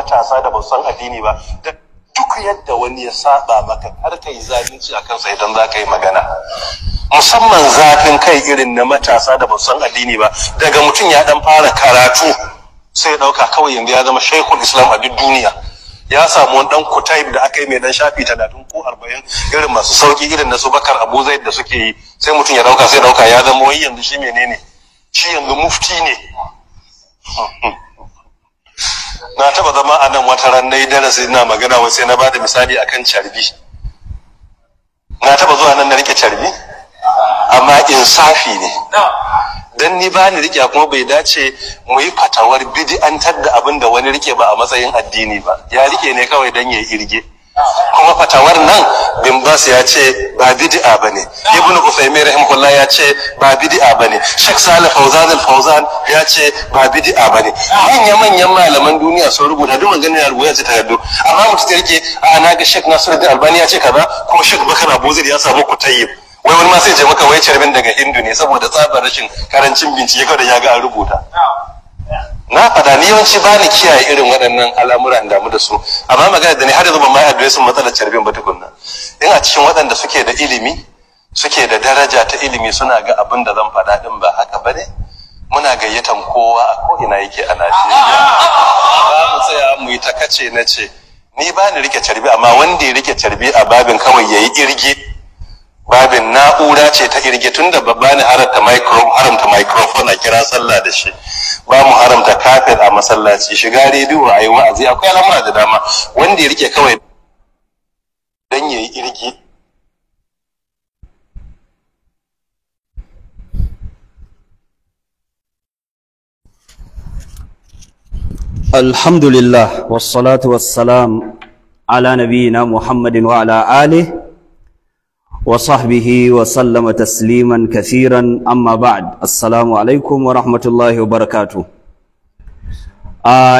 matasa da ba san addini ba da duk yadda wani ya saba maka har kai zalunci akan sa idan za ka yi magana musamman zafin kai irin na matasa da ba san addini ba daga mutum ya dan fara karatu sai ya dauka kawai yanzu ya zama shaikhul islam a duk duniya ya samu wani dan kutayib da aka yi mai dan shafi talatin ko arba'in irin masu sauki irin na su bakar abu zaid da suke yi sai mutum ya dauka sai dauka ya zama wai yanzu shi menene shi yanzu mufti ne na taba zama a nan wata ran nayi darasi ina magana wa sai na bada misali akan carbi na taba zuwa nan na rike carbi amma insafi ne dan ni ba ni rike kuma bai dace mu yi fatawar bid'antar da abin da wani rike ba a matsayin addini ba ya rike ne kawai dan ya irge kuma fatawar nan bin bas ya ce ba ba ne ibn usaymin rahimahullah ya ce ba ba bane shek salih fauzan al-fauzan ya ce ba ba ne. manya manyan malaman duniya sun rubuta duk maganar rubuya ce ta yaddo amma mutum ta yake a na ga shek nasiruddin albani ya ce kaza kuma shek bakar abuzir ya samu kutayyib wai wani ma sai ce maka wai charmin daga hindu ne saboda tsabar rashin karancin bincike kawai da ya ga an rubuta na fada ni yawanci ba ni kiyaye irin waɗannan al'amura damu da su amma magana da ni har yanzu ban ma address matsalar carbin ba tukunna in a cikin waɗanda suke da ilimi suke da daraja ta ilimi suna ga abin da zan faɗa din ba haka ba ne muna gayyatan kowa a ina yake a Najeriya ba mu tsaya mu yi ta kace na ce ni ba ni rike carbi amma wanda ya rike carbi a babin kawai ya yi irgi babin na'ura ce ta irge tun da babba ne haramta haramta microphone a kira sallah da shi ba mu haramta kafet a masallaci shiga rediyo a yi wa'azi akwai al'amura da dama wanda ya rike kawai don ya yi irge wasu salam ala nabi na muhammadin wa ala Ali. وصحبه وسلم تسليما كثيرا أما بعد السلام عليكم ورحمة الله وبركاته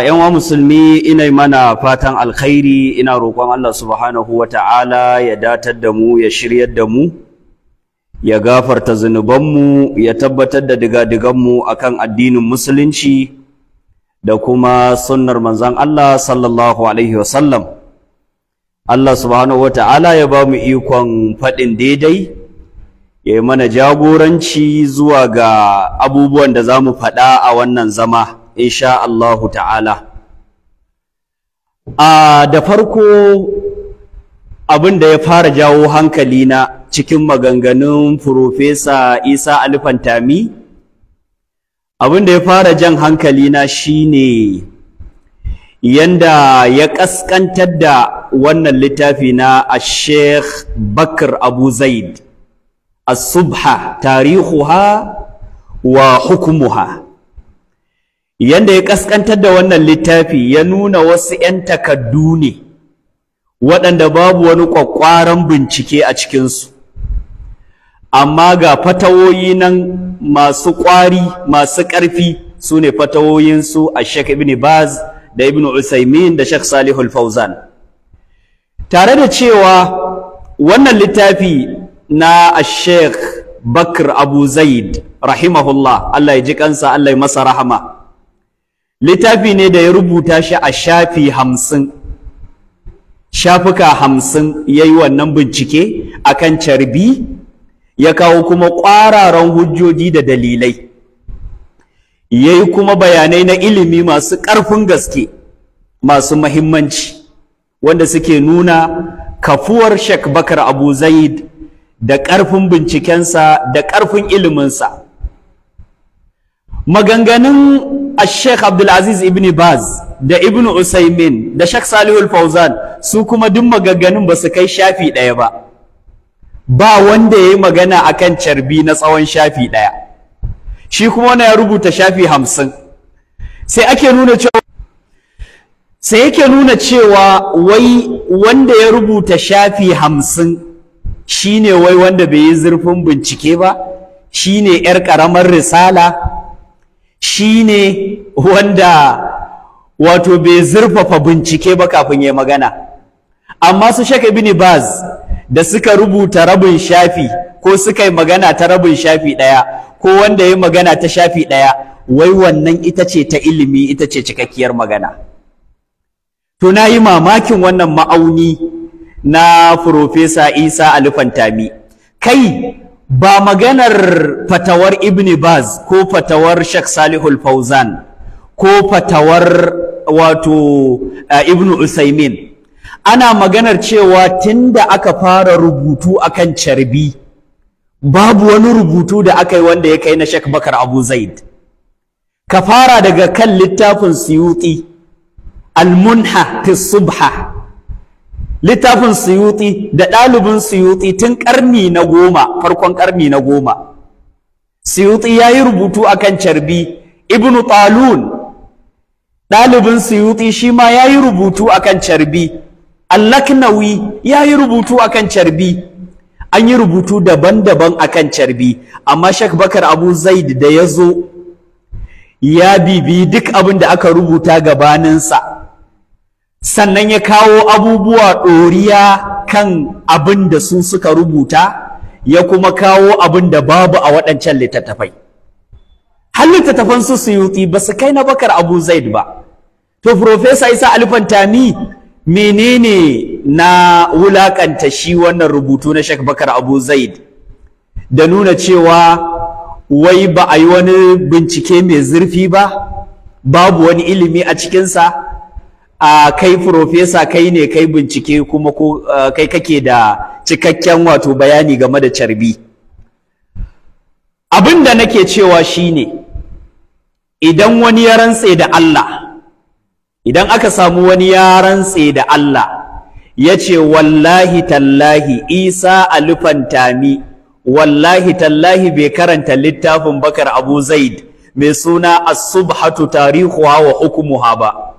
yan musulmi ina mana fatan alkhairi ina roƙon Allah subhanahu wa ta'ala ya datar da mu ya shiryar da mu ya gafarta zunubanmu ya tabbatar da diga-digan mu akan addinin musulunci da kuma sunnar manzan Allah sallallahu alaihi wasallam Allah subhanahu wata'ala ya ba mu ikon faɗin daidai ya yi mana jagoranci zuwa ga abubuwan da za mu faɗa a wannan zama insha Allahu ta'ala a da farko abin da ya fara jawo hankali na cikin maganganun Furofesa Isa alifantami abin da ya fara jan hankali na shine yanda ya ƙasƙantar da wannan littafi na Sheikh Bakr Abu Zaid a subha tarihuha wa hukumuha yanda ya kaskantar da wannan littafi ya nuna wasu 'yan takaddu ne waɗanda babu wani ƙwaƙƙwaran bincike a cikinsu amma ga fatawoyi nan masu ƙwari masu ƙarfi su ne fatawoyinsu a Sheikh Ibn Baz da Ibn Usaimin da Sheikh Salihul Fauzan tare da cewa wannan littafi na Sheikh Bakr Abu Zaid rahimahullah Allah ya ji kansa Allah ya masa rahama littafi ne da ya rubuta shi a shafi hamsin shafuka hamsin ya yi wannan bincike akan carbi ya kawo kuma ƙwararan hujjoji da dalilai ya yi kuma bayanai na ilimi masu ƙarfin gaske masu mahimmanci wanda suke nuna kafuwar Sheikh Bakar Abu Zaid da ƙarfin bincikensa da ƙarfin iliminsa maganganun Sheikh Abdulaziz ibn Baz da ibn Usaimin da Sheikh Salihul Fauzan su kuma duk maganganun ba su kai shafi ɗaya ba ba wanda ya yi magana kan carbi na tsawon shafi ɗaya shi kuma wani ya rubuta shafi hamsin sai ake nuna cewa sai yake nuna cewa wai wanda ya rubuta shafi hamsin shine wai wanda bai yi zurfin bincike ba shine yar karamar risala shine wanda wato bai zurfafa bincike ba kafin ya magana amma su shaka ibn baz da suka rubuta rabin shafi ko suka yi magana ta rabin shafi ɗaya ko wanda ya magana ta shafi ɗaya wai wannan ita ce ta ilimi ita ce cikakkiyar magana to na yi mamakin wannan ma'auni na Furofesa Isa Alifantami kai ba maganar fatawar Ibn Baz ko fatawar Sheikh Salihul Fauzan ko fatawar wato eh, Ibn Usaimin ana maganar cewa tunda aka fara rubutu akan carbi babu wani rubutu da aka yi wanda ya kai na Sheikh Bakar Abu Zaid ka fara daga kan littafin Suyuti almunha fi subha littafin suyuti da ɗalibin suyuti tun ƙarni na goma farkon ƙarni na goma suyuti ya yi rubutu a kan carbi ibnu talun ɗalibin suyuti shi ma ya yi rubutu a kan carbi allaknawi ya yi rubutu a kan carbi an yi rubutu daban-daban a kan carbi amma shek bakar abu zaid da ya zo ya bibi duk abin da aka rubuta gabaninsa sannan ya kawo abubuwa ɗoriya kan abin da su suka rubuta ya kuma kawo abin da babu a waɗancan littattafai har littattafan su yi ba su kai na bakar abu zaid ba to profesa isa alfantami menene na wulaƙanta shi wannan rubutu na shek bakar abu zaid da nuna cewa wai ba a yi wani bincike mai zurfi ba babu wani ilimi a cikinsa a kai profesa kai ne kai bincike kuma ko kai kake da cikakken wato bayani game da carbi abin da nake cewa shine idan wani ya rantse da Allah idan aka samu wani ya rantse da Allah ya ce wallahi tallahi isa tami, wallahi tallahi bai karanta littafin bakar abu zaid mai suna as-subhatu tarihuha wa hukumuha ba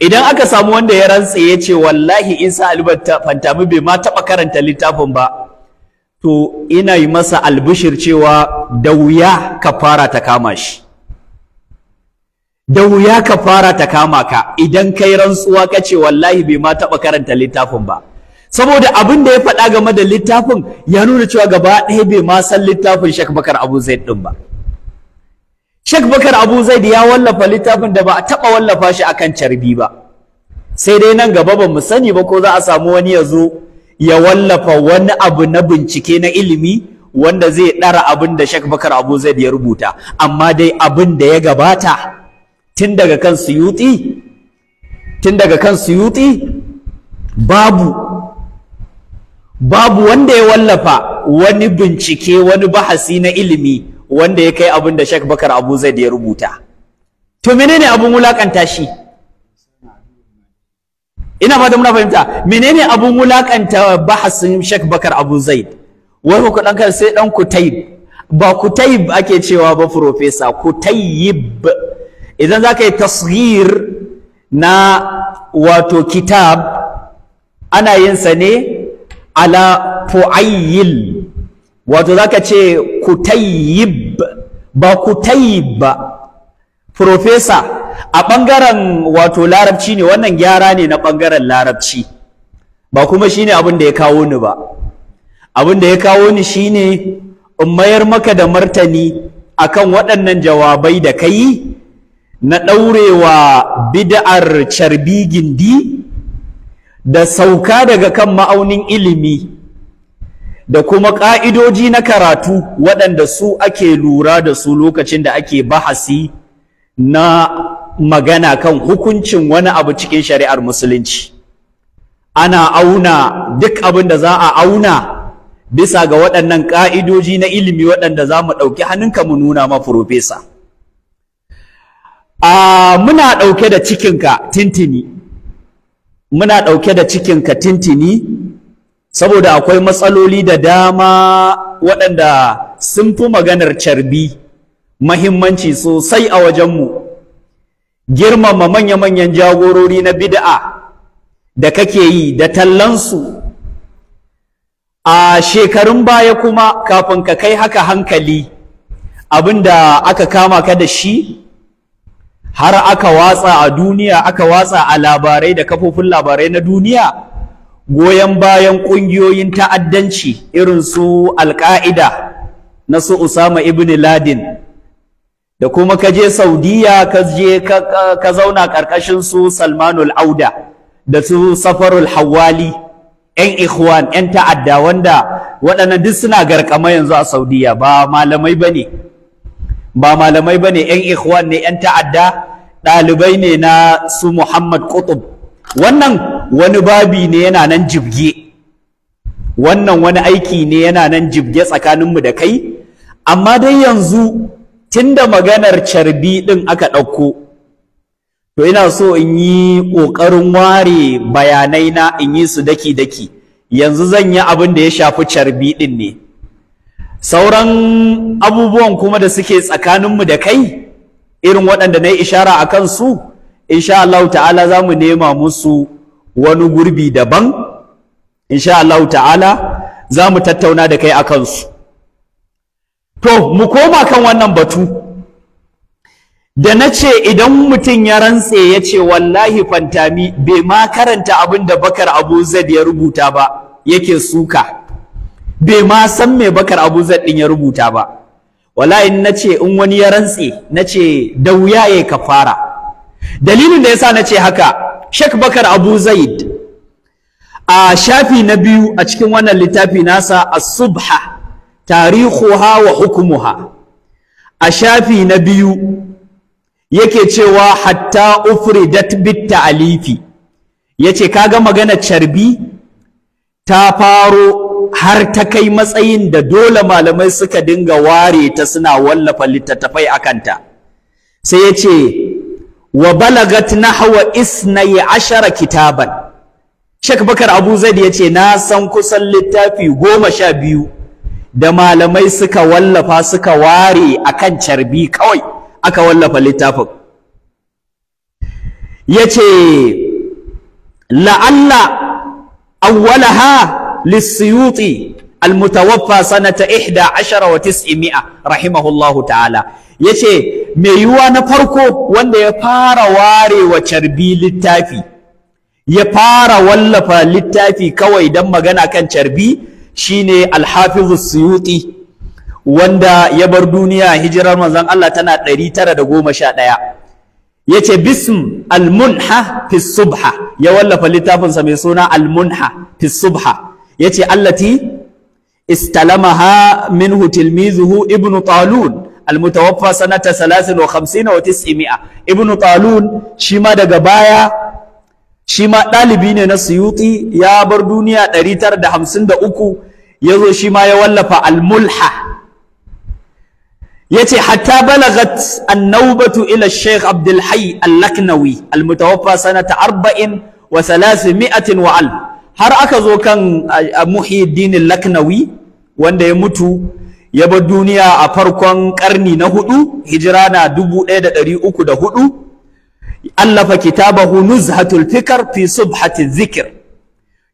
idan aka samu wanda ya rantse ya ce wallahi isa albatta fantami bai ma taɓa karanta littafin ba to ina yi masa albishir cewa da wuya fara ta kama shi da wuya ka fara ta kama ka idan kai rantsuwa ka ce wallahi bai ma taɓa karanta littafin ba saboda abin da ya faɗa game da littafin ya nuna cewa gaba ɗaya bai ma san littafin shakmakar abu zai ɗin ba Sheikh Bakar Abu Zaid ya wallafa littafin da ba a taɓa wallafa shi akan carbi ba sai dai nan gaba ba mu sani ba ko za a samu wani ya zo ya wallafa wani abu na bincike na ilimi wanda zai ɗara abin da Sheikh Bakar Abu Zaid ya rubuta amma dai abin da ya gabata tun daga kan suyuti tun daga kan suyuti babu babu wanda ya wallafa wani bincike wani bahasi na ilimi wanda ya kai abin da Sheikh Bakar Abu Zaid ya rubuta to menene abun wulakanta shi ina fata muna fahimta menene abun wulakanta bahasin Sheikh Bakar Abu Zaid wai ku dan sai dan Kutayb ba Kutayb ake cewa ba professor Kutayb idan zaka yi tasghir na wato kitab ana yin sa ne ala fu'ayyil wato zaka ce kutayyib ba kutayyib ba profesa a ɓangaren wato larabci ne wannan gyara ne na ɓangaren larabci ba kuma shine abin da ya kawo ni ba abin da ya kawo ni shine in mayar maka da martani akan waɗannan jawabai da kai na ɗaurewa bid'ar carbi gindi da sauka daga kan ma'aunin ilimi da kuma ƙa'idoji na karatu waɗanda su ake lura da su lokacin da ake bahasi na magana kan hukuncin wani abu cikin shari'ar musulunci ana auna duk abin da za a auna bisa ga waɗannan ƙa'idoji na ilimi waɗanda za mu ɗauki hannunka mu nuna ma furofesa a muna ɗauke da cikinka tintini muna ɗauke da cikinka tintini saboda akwai matsaloli da dama waɗanda sun fi maganar carbi mahimmanci sosai a wajenmu girmama manya-manyan jagorori na bid'a da kake yi da tallansu a shekarun baya kuma kafin ka kai haka hankali Abin da aka kama ka da shi har aka watsa a duniya aka watsa a labarai da kafofin labarai na duniya goyon bayan ƙungiyoyin ta'addanci irin su alƙa'ida na su Usama ibn Ladin da kuma ka je Saudiya ka je ka zauna ƙarƙashin su Salmanul Auda da su Safarul Hawali ‘yan ikhwan ‘yan ta'adda wanda waɗannan duk suna garkama yanzu a Saudiya ba malamai ba ne ba malamai ‘yan ikhwan ne ‘yan ta'adda ɗalibai ne na su Muhammad Qutub wannan wani babi ne yana nan jibge wannan wani aiki ne yana nan jibge tsakaninmu da kai amma dai yanzu tunda maganar carbi ɗin aka ɗauko to ina so in yi ƙoƙarin ware bayanai na in yi su daki-daki yanzu zan yi abin da ya shafi carbi ɗin ne sauran abubuwan kuma da suke tsakaninmu da kai irin waɗanda na yi ishara a kansu insha Allah ta'ala za mu nema musu wani gurbi daban insha Allah ta'ala za mu tattauna da kai a kansu to mu koma kan wannan batu da na ce idan mutum ya rantse ya ce wallahi fantami bai ma karanta abin da bakar abu zad ya rubuta ba yake suka bai ma san me bakar abu zad ya rubuta ba wallahi na ce in wani ya rantse na ce da wuya ya kafara dalilin da yasa na ce haka Sheikh Bakar Abu Zaid a shafi na biyu a cikin wannan littafi nasa As-Subha tarihuha wa hukumuha a shafi na biyu yake cewa hatta ufridat bit ta'alifi yace kaga magana carbi ta faro har ta kai matsayin da dole malamai suka dinga ware ta suna wallafa littattafai akanta sai yace wa balagat nahwa isnai ashara kitaban Sheikh Bakar Abu Zaid ya ce na san kusan littafi goma sha biyu da malamai suka wallafa suka ware akan carbi kawai aka wallafa littafin Yace ce la'alla awwalaha lissiyuti almutawaffa sanata ihda ashara wa tis'imi'a rahimahullahu ta'ala yace mai yuwa na farko wanda ya fara warewa carbi littafi ya fara wallafa littafi kawai don magana kan carbi shine alhafizu suyuti wanda ya bar duniya hijirar manzon Allah tana 911 yace bism almunha fi subha ya wallafa littafinsa mai suna almunha fi subha yace allati استلمها منه تلميذه ibnu طالون المتوفى سنة 53 و900 ابن طالون شما daga baya shima ɗalibi ne na Suyuti ya bar duniya 953 yazo shima ya wallafa almulha yace hatta balagat an ila Sheikh Abdul Hayy al-Laknawi al sanata 40 و300 wa alf har aka zo kan muhiddin laknawi wanda ya mutu ya bar duniya a farkon karni na hudu hijira na dubu ɗaya da ɗari uku da hudu allafa kitabahu nuzhatul fikr fi subhati zikir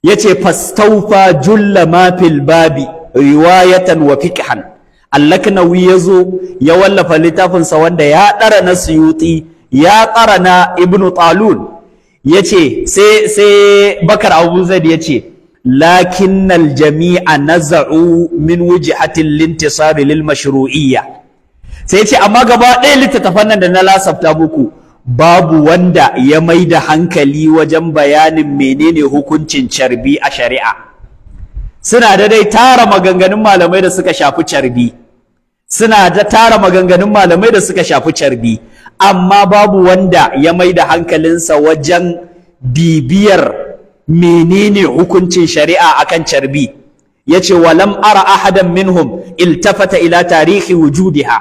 yace fastaufa julla ma fil babi riwayatan wa fiqhan allaknawi yazo ya wallafa littafinsa wanda ya ɗara na suyuti ya tsara na ibnu talun Ya ce sai Bakar Abu ya yace lakinnal jami'a na za'u min wujihatil lintisari lil mashru'iyya sai ce amma gaba ɗaya littattafan nan da na lasafta muku babu wanda ya mai da hankali wajen bayanin menene hukuncin carbi a shari'a suna da dai tara maganganun malamai da suka shafi carbi suna da tara maganganun malamai da suka shafi carbi amma babu wanda ya mai da hankalinsa wajen bibiyar menene hukuncin shari'a akan carbi ya yace walam ara ahadan minhum iltafata ila tarihi wujudiha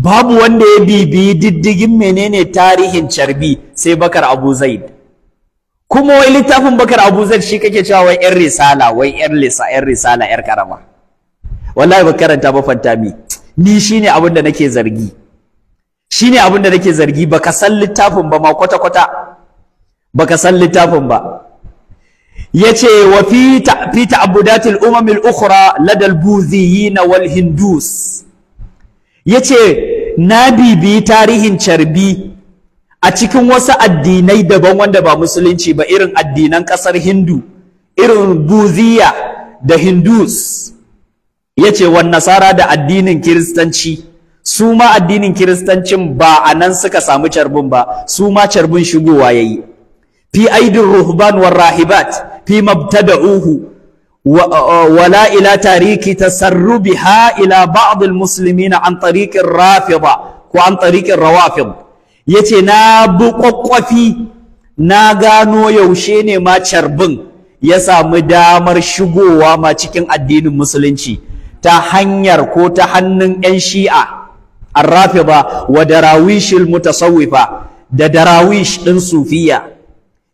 babu wanda ya bibiyi diddigin menene tarihin carbi sai bakar abu zaid kuma wai littafin bakar abu zaid shi kake cewa wai yan risala wai yan lisa yan risala yar karama wallahi ba karanta ba fantami ni shine abin da nake zargi shine abin da nake zargi baka san littafin ba ma kwata kwata baka san littafin ba Ya ce wa fi ta fi ukhra ladal na wal hindus Ya ce na bibi tarihin carbi a cikin wasu addinai daban wanda ba musulunci ba irin addinan kasar hindu irin buziya da hindus Ya ce wa nasara da addinin kiristanci su ma addinin kiristancin ba a nan suka samu carbin ba su ma carbin shigowa ya yi fi aidin ruhban wa rahibat fi uhu wala uh, ila tariki ha ila ba'd almuslimina an tariqin rafiba ko an rawafin ya yace na bu kwakwafi na gano yaushe ne ma carbin ya samu damar shigowa ma cikin addinin musulunci ta hanyar ko ta hannun 'yan shi'a arrafida wa darawishil mutasawwifa da darawish ɗin sufiya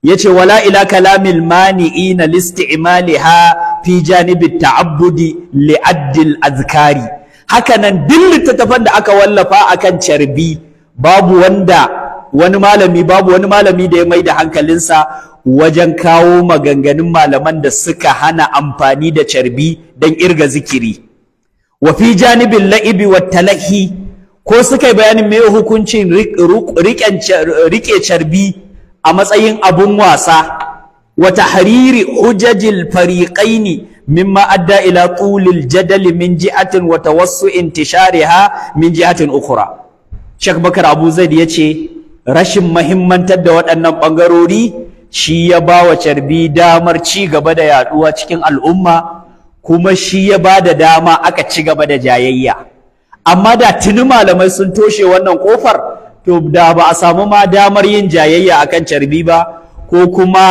yace wala ila kalamil mani'ina listi'maliha fi janibit ta'abbudi li'addil azkari hakanan duk littattafan da aka wallafa akan carbi babu wanda wani malami babu wani malami da ya mai da hankalinsa wajen kawo maganganun malaman da suka hana amfani da carbi don irga zikiri wa fi janibin la'ibi wa talahi ko suka yi bayanin me hukuncin riƙe carbi a matsayin abun wasa wa tahriri hujajil fariqaini mimma adda ila tulil jadal min ji'atin wa tawassu intishariha min ji'atin ukhra Sheikh Bakar Abu Zaid yace rashin mahimmantar da waɗannan bangarori shi ya ba wa carbi damar ci gaba da yaduwa cikin al'umma kuma shi ya ba da dama aka ci gaba da jayayya amma da tuni malamai sun toshe wannan kofar to da ba a samu ma damar yin jayayya akan carbi ba ko kuma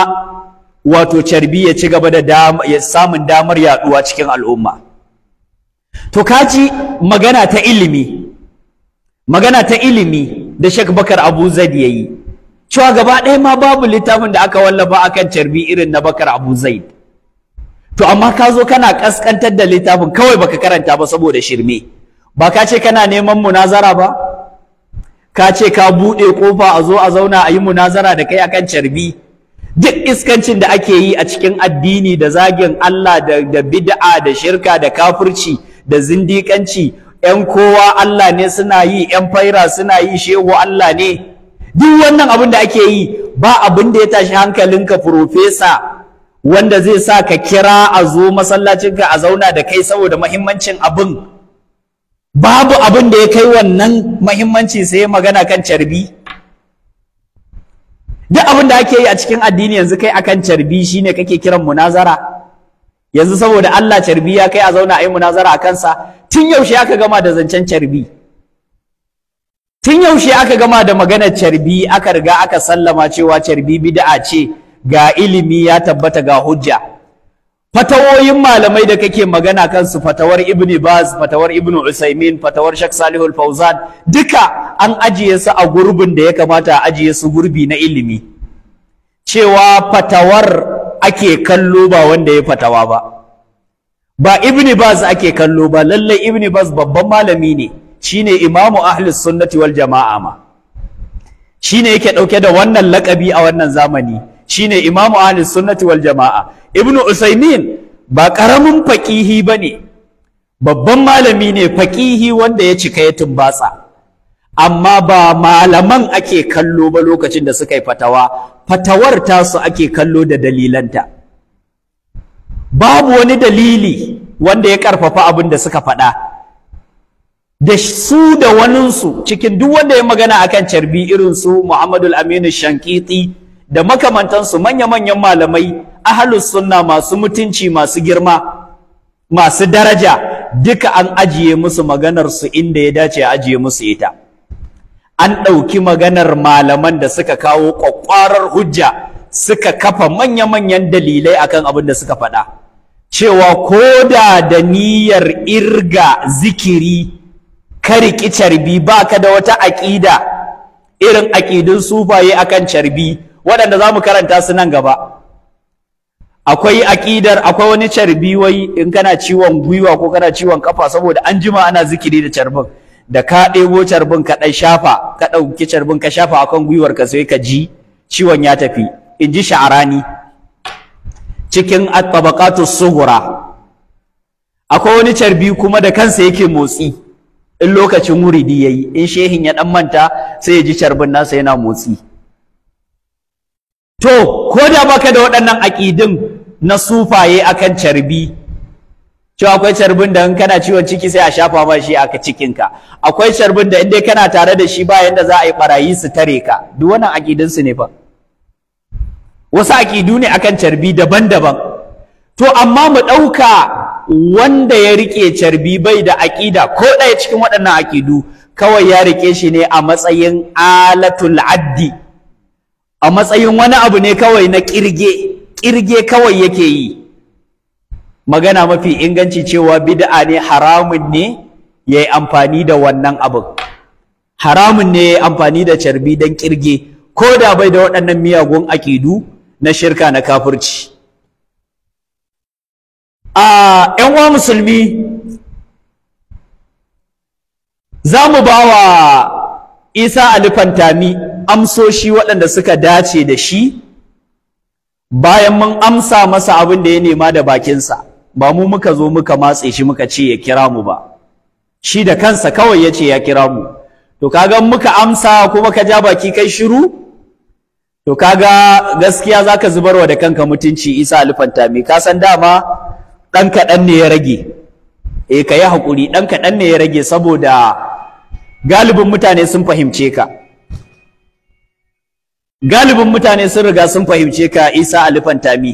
wato carbi ya ci gaba da samun damar yaduwa cikin al'umma to kaji magana ta ilimi magana ta ilimi da Sheikh Bakar Abu Zaid yayi cewa gaba ɗaya ma babu littafin da aka wallafa akan carbi irin na Bakar Abu Zaid to amma ka zo kana kaskantar da littafin kawai baka karanta ba saboda shirme ba ka ce kana neman munazara ba ka ce ka buɗe ƙofa a zo a zauna a yi munazara da kai akan carbi duk iskancin da ake yi a cikin addini da zagin Allah da bid'a da shirka da kafirci da zindikanci ‘yan kowa Allah ne suna yi ‘yan faira suna yi shehu Allah ne duk wannan abin da ake yi ba abin da ya tashi hankalinka furofesa wanda zai sa ka kira a zo masallacinka a zauna da kai saboda mahimmancin abin babu abin da ya kai wannan mahimmanci sai magana kan carbi duk abin da ake yi a cikin addini yanzu kai akan carbi shine kake kiran munazara yanzu saboda Allah carbi ya kai a zauna a yi munazara a kansa tun yaushe aka gama da zancen carbi tun yaushe aka gama da maganar carbi aka riga aka sallama cewa carbi bid'a ce ga ilimi ya tabbata ga hujja fatawoyin malamai da kake magana kansu fatawar ibn baz fatawar ibn usaimin fatawar shak salihul fauzan duka an ajiye su a gurbin da ya kamata a ajiye su gurbi na ilimi cewa fatawar ake kallo ba wanda ya fatawa ba ba ibn baz ake kallo ba lallai ibn baz babban malami ne shine imamu ahlus sunnati wal jama'a ma shine yake dauke da wannan lakabi a wannan zamani shine imamu ahli sunnati wal jama'a ibnu usaimin ba karamin faqihi bane babban malami ne faƙihi wanda ya cika ya tumbatsa amma ba malaman ake kallo ba lokacin da suka yi fatawa fatawar tasu ake kallo da dalilanta babu wani dalili wanda ya ƙarfafa abin da suka faɗa da su da waninsu cikin duk wanda ya magana akan carbi irin su Muhammadul Aminu Shankiti da makamantansu manya-manyan malamai ahalus sunna masu mutunci masu girma masu daraja duka an ajiye musu maganarsu inda ya dace a ajiye musu ita an ɗauki maganar malaman da suka kawo ƙwaƙƙwarar hujja suka kafa manya-manyan dalilai akan abin da suka faɗa cewa ko da da niyyar irga zikiri kariki carbi ba ka da wata aƙida irin aƙidun sufaye akan carbi waɗanda za mu karanta su nan gaba akwai aƙidar akwai wani carbi wai in kana ciwon gwiwa ko kana ciwon kafa saboda an jima ana zikiri da carbin da ka ɗebo carbin ka ɗan shafa ka ɗauki carbin ka shafa akan gwiwar ka sai ka ji ciwon ya tafi in ji sha'arani cikin at-tabaqatu akwai wani carbi kuma da kansa yake motsi in lokacin wuridi yayi in shehin ya ɗan manta sai ya ji carbin nasa yana motsi to ko da baka da waɗannan aƙidin na sufaye akan carbi cewa akwai carbin da in kana ciwon ciki sai a shafa ma shi aka cikinka akwai carbin da in dai kana tare da shi bayan da za a yi barayi su tare ka duk wannan aƙidin su ne fa wasu aƙidu ne akan carbi daban-daban to amma mu ɗauka wanda ya riƙe carbi bai da aƙida ko ɗaya cikin waɗannan aƙidu kawai ya riƙe shi ne a matsayin alatul addi a matsayin wani abu ne kawai na kirge kirge kawai yake yi magana mafi inganci cewa bid'a ne haramun ne ya yi amfani da wannan abin haramun ne ya yi amfani da carbi don kirge ko da bai da waɗannan miyagun akidu na shirka na kafurci. a ‘yan uwa musulmi za mu ba wa isa alifantami amsoshi waɗanda suka dace da shi bayan mun amsa masa abin da ya nema da bakinsa ba mu muka zo muka matse shi muka ce ya kira mu ba shi da kansa kawai ya ce ya kira mu to kaga muka amsa kuma ka ja baki kai shiru to kaga gaskiya zaka zubarwa da kanka mutunci isa alifantami ka san dama ɗan kaɗan ne ya rage eh ka yi haƙuri ɗan kaɗan ne ya rage saboda galibin mutane sun fahimce ka galibin mutane sun riga sun fahimce ka isa Alifan alifantami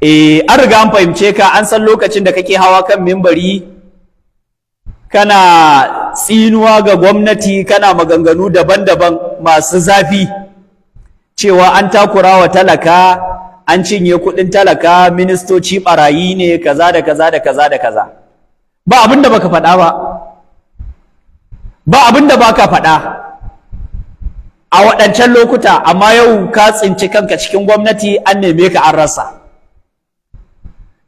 e eh, an riga an fahimce ka an san lokacin da kake hawa kan mimbari kana tsinuwa ga gwamnati kana maganganu daban-daban masu zafi cewa an takura wa talaka an cinye kudin talaka ministoci ɓarayi ne kaza da kaza da kaza da kaza ba abin da baka faɗa ba ba abin da ka faɗa a waɗancan lokuta amma yau ka tsinci kanka cikin gwamnati an neme ka an rasa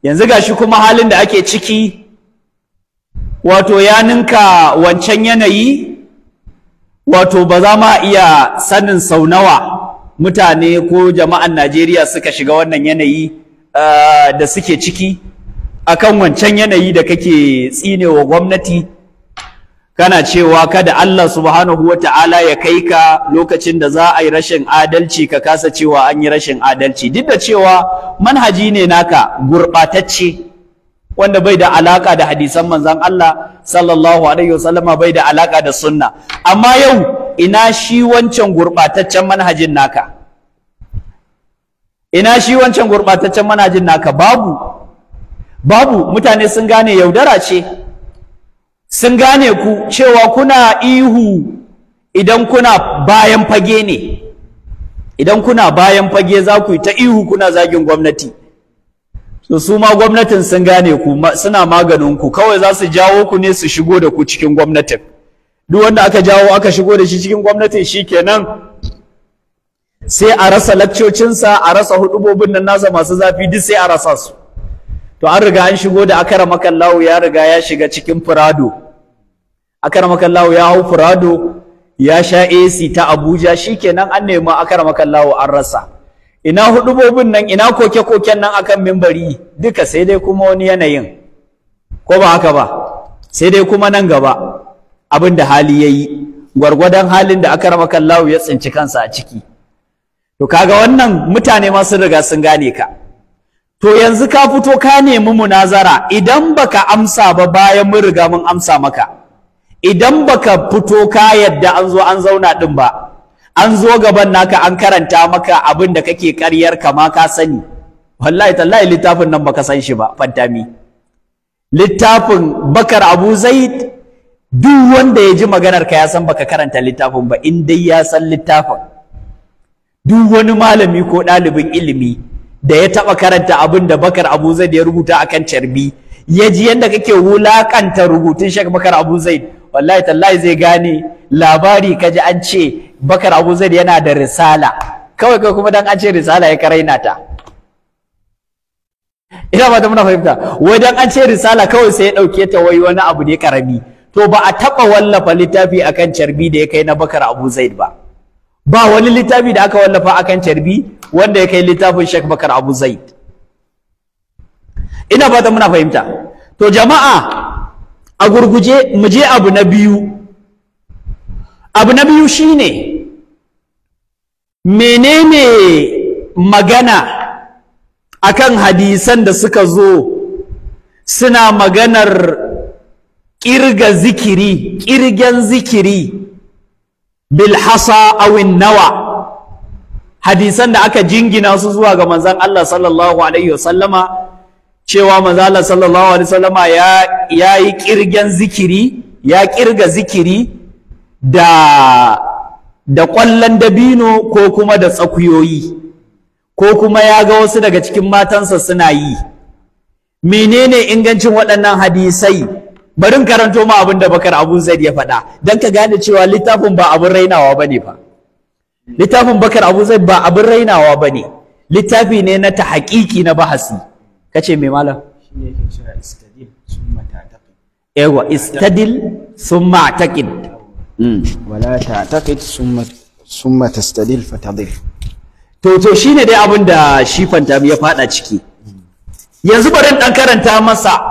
yanzu gashi kuma halin da ake ciki wato ya ninka wancan yanayi wato ba za ma iya sanin sau nawa mutane ko jama'an Najeriya suka shiga wannan yanayi eh, da suke ciki akan wancan yanayi da kake tsinewa gwamnati kana cewa kada Allah subhanahu wa ta'ala ya kai ka lokacin da za a yi rashin adalci ka kasa cewa an yi rashin adalci duk da cewa manhaji ne naka gurɓatacce wanda bai da alaka da hadisan manzon Allah sallallahu alaihi wasallama bai da alaka da sunna amma yau ina shi wancan gurɓataccen manhajin naka ina shi wancan gurɓataccen manhajin naka babu babu mutane sun gane yaudara ce sun gane ku cewa kuna ihu idan kuna bayan fage ne idan kuna bayan fage za ku yi ta ihu kuna zagin gwamnati so su ma gwamnatin sun gane ku suna maganin ku kawai za su jawo ku ne su shigo da ku cikin gwamnatin duk wanda aka jawo aka shigo da shi cikin gwamnatin shikenan sai a rasa lakcocinsa a rasa hudubobin nan nasa masu zafi duk sai a rasa su to an riga an shigo da akara lawo ya riga ya shiga cikin furado akara lawo ya hau furado ya sha AC ta Abuja shikenan an nemi akara lawo an rasa ina hudubobin nan ina koke-koken nan akan mimbari duka sai dai kuma wani yanayin ko ba haka ba sai dai kuma nan gaba abin da hali ya yi gwargwadon halin da akara lawo ya tsinci kansa a ciki to kaga wannan mutane ma sun riga sun gane ka to yanzu ka fito ka nemi munazara idan baka amsa ba bayan mun riga mun amsa maka idan baka fito ka yadda an zo an zauna din ba an zo gaban naka an karanta maka abin da kake karyar kama ka sani wallahi tallahi littafin nan baka san shi ba fantami littafin bakar abu zaid duk wanda ya ji maganar ka ya san baka karanta littafin ba in dai ya san littafin duk wani malami ko ɗalibin ilimi da ya taɓa karanta abin da bakar abu zaid ya rubuta akan carbi ya ji yadda kake wulakanta rubutun shek bakar abu zaid wallahi tallahi zai gane labari kaji an ce bakar abu zaid yana da risala kawai kai kuma dan an ce risala ya karaina ta ina ba ta muna fahimta wai dan an ce risala kawai sai ya ɗauke ta wai wani abu ne karami to ba a taɓa wallafa littafi akan carbi da ya kai na bakar abu zaid ba ba wani littafi da aka wallafa akan carbi wanda ya kai littafin Sheikh Bakar Abu Zaid ina fata muna fahimta to jama'a a gurguje mu je abu na biyu abu na biyu shine menene magana akan hadisan da suka zo suna maganar ƙirga zikiri ƙirgen zikiri bilhasa nawa hadisan da aka jingina su zuwa ga Manzan Allah sallallahu alaihi wasallama cewa manzan Allah sallallahu alaihi wasallama ya yi kirgen zikiri ya kirga zikiri da da ƙwallon dabino ko kuma da tsakuyoyi ko kuma ya ga wasu daga cikin matansa suna yi menene ingancin waɗannan hadisai barin karanto ma abin da bakar abu zaid ya faɗa don ka gane cewa littafin ba abin rainawa ba ne fa littafin bakar abu zaid ba abin rainawa ba ne littafi ne na ta haƙiƙi na bahasi ka ce mai malam yawa istadil sun ma'ataƙid mm. wala ta'ataƙid sun matastadil fatadil to to shine dai abin da shi fantam ya faɗa ciki yanzu barin ɗan karanta masa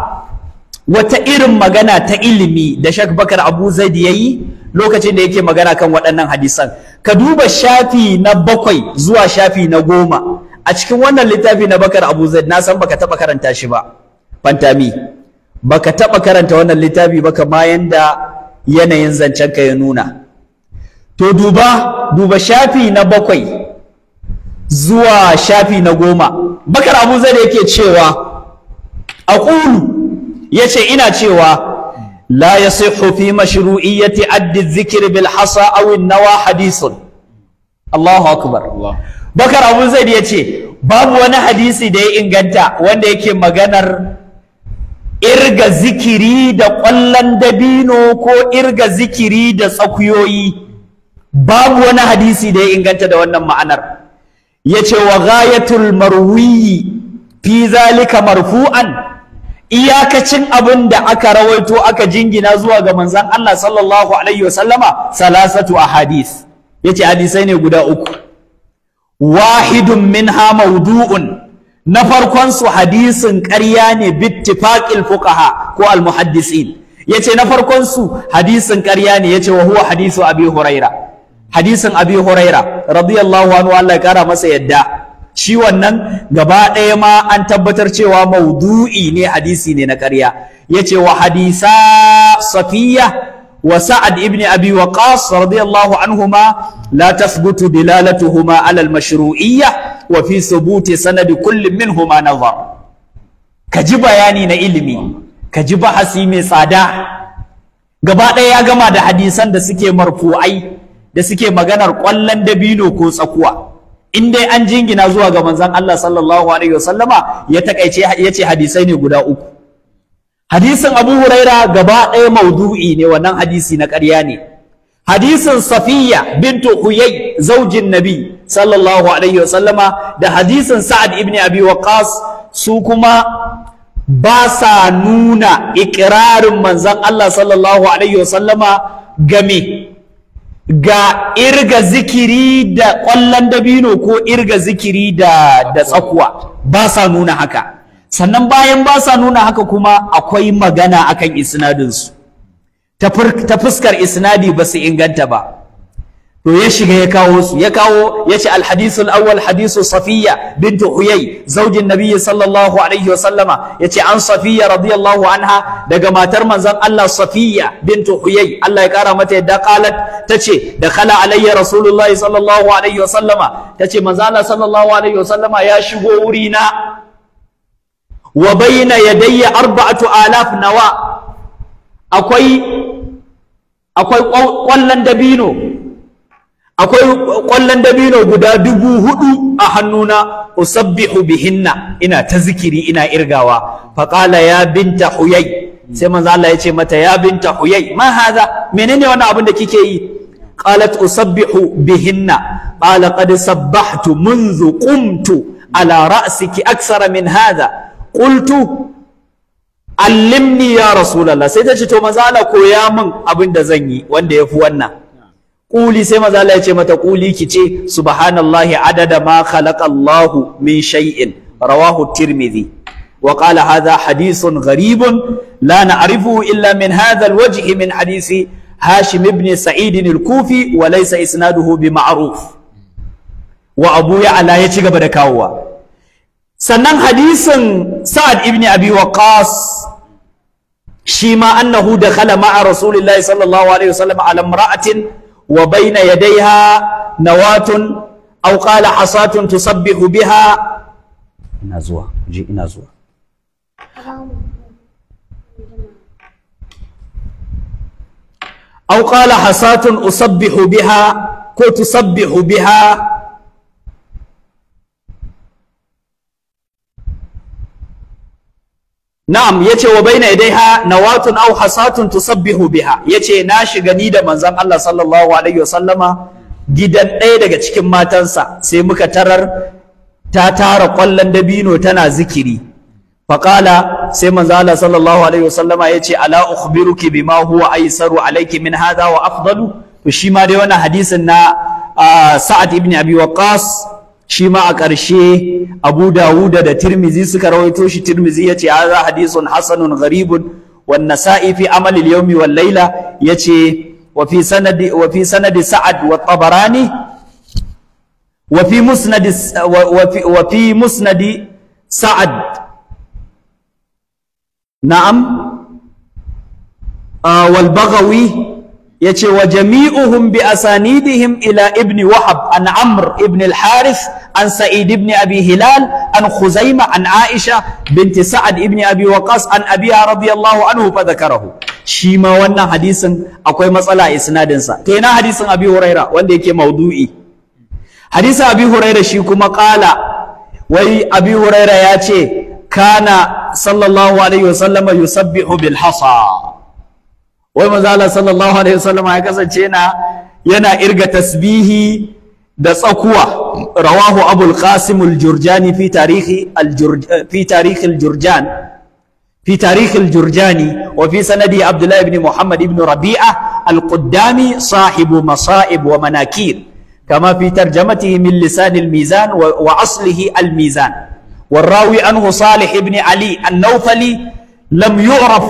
wata irin magana ta ilimi da Sheikh Bakar Abu Zaid yayi lokacin da yake magana kan waɗannan hadisan ka duba shafi na bakwai zuwa shafi na goma a cikin wannan littafi na Bakar Abu Zaid na san baka taba karanta shi ba fantami baka taba karanta wannan littafi ba ma yanda yanayin zancen ka ya nuna to duba duba shafi na bakwai zuwa shafi na goma Bakar Abu Zaid yake cewa aqulu yace ina cewa la yasihhu fi mashru'iyyati addi zikiri bilhasa hasa aw nawa hadithun Allahu akbar Bakar Abu ya yace babu wani hadisi da ya inganta wanda yake maganar irga zikiri da ƙwallon dabino ko irga zikiri da tsakuyoyi babu wani hadisi da ya inganta da wannan ma'anar ya ce wa gayatul marwiyi fi zalika marfu'an iyakacin abin da aka rawaito aka jingina zuwa ga manzan Allah sallallahu alaihi wasallama salasatu Ya yace hadisai ne guda uku wahidun minha maudu'un na farkon su hadisin ƙarya ne bittifaƙil fuƙaha ko almuhaddisin. Ya yace na farkon su hadisin ƙarya ne yace wa huwa hadisu abi huraira hadisin abi huraira radiyallahu anhu Allah ya kara masa yadda ciwon nan gaba ɗaya ma an tabbatar cewa maudu'i ne hadisi ne na ƙarya yace wa hadisa safiya wa sa'ad ibn abi waqas radiyallahu anhuma la tathbutu dilalatuhuma ala al-mashru'iyya wa fi thubuti sanadi kullin minhuma nazar ji bayani na ilimi kaji bahasi mai tsada gaba ɗaya ya gama da hadisan da suke marfu'ai da suke maganar ƙwallon dabino ko tsakuwa in dai an jingina zuwa ga manzan Allah sallallahu alaihi wasallama ya takaice yace hadisai ne guda uku hadisin Abu Huraira gaba ɗaya maudu'i ne wannan hadisi na ƙarya ne hadisin Safiya bintu Huyay zaujin Nabi sallallahu alaihi wasallama da hadisin Sa'ad ibn Abi Waqqas su kuma ba sa nuna ikirarin manzon Allah sallallahu alaihi wasallama game ga irga zikiri da ƙwallon dabino ko irga zikiri da da tsakuwa ba sa nuna haka sannan bayan ba sa nuna haka kuma akwai magana akan isnadinsu ta fuskar isnadi ba su inganta ba to ya shiga ya kawo su ya kawo ya ce alhadisu al'awwal hadisu safiya bintu huyai zaujin nabiyyi sallallahu alaihi wasallama ya ce an safiya radiyallahu anha daga matar manzon Allah safiya bintu huyai Allah ya kara mata yadda qalat tace da khala alayya rasulullahi sallallahu alaihi wasallama tace manzon Allah sallallahu alaihi wasallama ya shigo wuri na wa bayna yadayya arba'atu alaf nawa akwai akwai kwallon dabino akwai ƙwallon dabino guda dubu hudu a hannuna usabbihu bihinna ina ta zikiri ina irgawa faqala ya binta huyai sai manzo Allah ya ce mata ya binta huyai ma haza menene wannan abin da kike yi qalat usabbihu bihinna qala qad sabbahtu منذ qumtu ala ra'siki aksara min hadha qultu allimni ya rasulullah sai ta ce to manzo Allah koya min abin da zan yi wanda yafi wannan قولي سيما زالة يجمع تقولي كيتي سبحان الله عدد ما خلق الله من شيء رواه الترمذي وقال هذا حديث غريب لا نعرفه إلا من هذا الوجه من حديث هاشم بن سعيد الكوفي وليس إسناده بمعروف وأبويا على يجمع بركاوة سنن حديث سعد بن أبي وقاص شيما أنه دخل مع رسول الله صلى الله عليه وسلم على امرأة وبين يديها نواة أو قال حصاة تصبح بها نزوة جي نزوة أو قال حصاة أصبح بها كو تصبح بها na'am yace wa baina idaiha nawatun aw hasatun tusabbihu biha yace na shiga ni da manzon Allah sallallahu alaihi wasallama gidan ɗaya daga cikin matansa sai muka tarar ta tara ƙwallon dabino tana zikiri faƙala sai manzo Allah sallallahu alaihi wasallama yace ala ukhbiruki bima huwa aisaru alayki min hadha wa afdalu to shi ma dai wannan hadisin na ah, Sa'ad ibn Abi Waqqas shi ma a ƙarshe abu dawuda da tirmizi suka rawaito shi tirmizi ya ce haza hadisun hasanun gharibun wan nasa'i fi amalil yawmi wal laila ya ce wa fi sanadi wa fi sanadi sa'ad wa tabarani wa fi musnadi wa fi musnadi sa'ad na'am wal bagawi yace wa jami'uhum bi asanidihim ila ibni wahab an amr ibn al-harith an sa'id ibn abi hilal an khuzaima an aisha binti sa'ad ibn abi waqas an Abiya radiyallahu anhu fa dhakarahu shi ma wannan hadisin akwai matsala a isnadin sa to ina hadisin abi huraira wanda yake maudu'i hadisin abi huraira shi kuma qala wai abi huraira ya ce kana sallallahu alaihi wasallama yusabbihu bil hasa wai manzo Allah sallallahu alaihi wasallam ya kasance شينا yana irga tasbihi da tsakuwa rawahu abul qasim al-jurjani fi tarihi fi الجرجان al-jurjan في تاريخ الجرجاني وفي سند عبد الله بن محمد بن ربيعة القدامي صاحب مصائب ومناكير كما في ترجمته من لسان الميزان وأصله الميزان والراوي عنه صالح بن علي النوفلي لم يعرف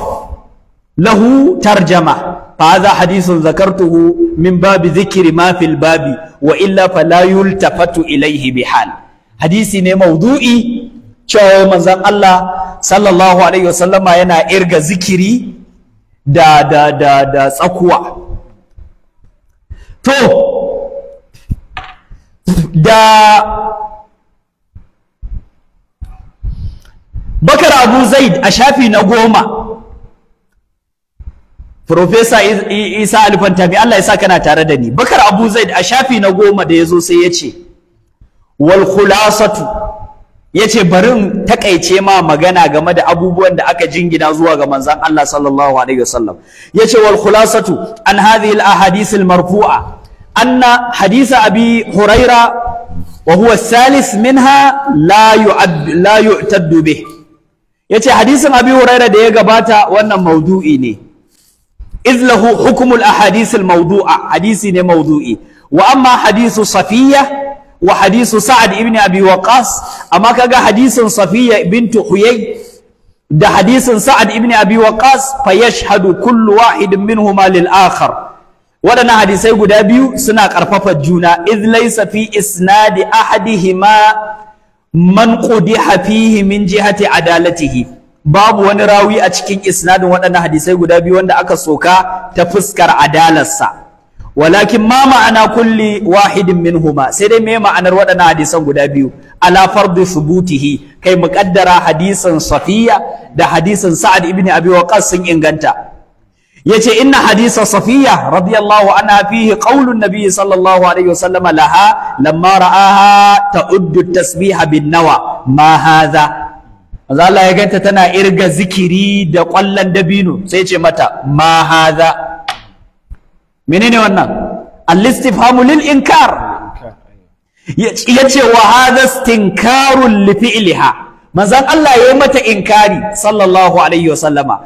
lahu tarjama فهذا حديث ذكرته من باب ذكر ما في الباب وإلا فلا يلتفت إليه بحال حديثي ne maudu'i cewa manzon Allah sallallahu yana irga zikiri da da da tsakuwa to da Bakar Abu Zaid a shafi na goma Profesa Isa alifantami Allah ya sa kana tare da ni. Bakar Abu Zaid a shafi na goma da ya zo sai ya ce, Wal khulasatu ya ce barin takaice ma magana game da abubuwan da aka jingina zuwa ga manzan Allah sallallahu alaihi wasallam. Ya ce wal khulasatu an hadhihi a ahadith marfu'a anna hadisa abi huraira wa huwa salis minha la la yu'taddu bih. Ya ce hadisin abi huraira da ya gabata wannan maudu'i ne. إذ له حكم الأحاديث الموضوعة حديث موضوعي وأما حديث صفية وحديث سعد ابن أبي وقاص أما كجا حديث صفية بنت حيي ده حديث سعد ابن أبي وقاص فيشهد كل واحد منهما للآخر ودنا حديثي قد أبيو سنة قرفف الجنة إذ ليس في إسناد أحدهما من قدح فيه من جهة عدالته babu wani rawi a cikin isnadin waɗannan hadisai guda biyu wanda aka soka ta fuskar adalarsa walakin ma ma'ana kulli wahidin minhuma sai dai me ma'anar waɗannan hadisan guda biyu ala fardu subutihi kai muqaddara hadisan safiya da hadisan sa'ad ibn abi waqas sun inganta yace inna hadisa safiya radiyallahu anha fihi qaulun nabiy sallallahu alaihi wasallam laha lamma ra'aha ta'uddu tasbiha bin nawa ma hadha manzo Allah ya ganta tana irga zikiri da ƙwallon dabino sai ce mata ma hadha menene wannan al-istifhamu lil inkar yace wa hadha istinkarun li fi'liha manzon Allah ya mata inkari sallallahu alaihi wasallama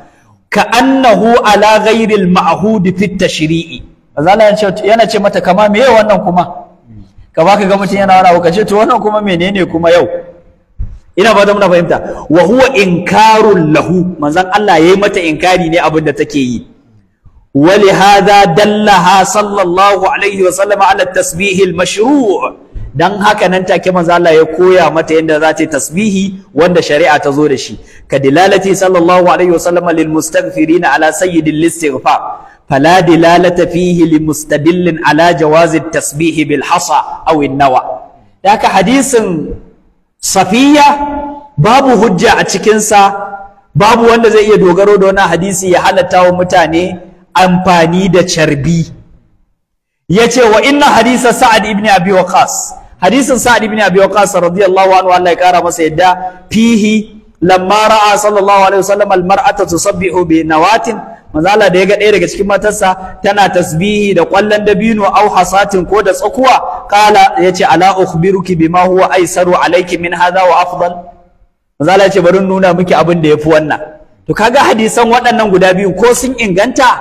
ka annahu ala ghairi al-ma'hud fi tashri'i manzo Allah yana ce mata kama meye wannan kuma ka baka ga mutum yana wani abu ka ce to wannan kuma menene kuma yau ina ba da muna fahimta wa huwa inkarun lahu manzon Allah ya yi mata inkari ne abin da take yi ولهذا dallaha صلى الله عليه وسلم على التسبيح المشروع dan haka nan take manzo Allah ya koya mata yadda za ta tasbihi wanda shari'a ta zo da shi ka dilalati sallallahu alaihi wasallam lil mustaghfirina ala sayyidil istighfar fala dilalata fihi li mustadillin ala jawazi tasbihi bil hasa aw an hadisin safiya babu hujja a cikinsa babu wanda zai iya dogaro da wani hadisi ya halatta wa mutane amfani da carbi ya ce wa inna hadisa sa'ad ibn abi waqas hadisin sa'ad ibn abi waqas radiyallahu anhu Allah ya kara masa yadda fihi lamma ra'a sallallahu alaihi wasallam almar'ata tusabbihu bi nawatin manzala da ya ga ɗaya daga cikin matarsa tana tasbihi da ƙwallon dabino au hasatin ko da tsakuwa ya yace ala ukhbiruki bima huwa aisaru alaiki, min hadha wa afdal manzo yace bari nuna miki abin da yafi wannan to kaga hadisan waɗannan guda biyu ko sun inganta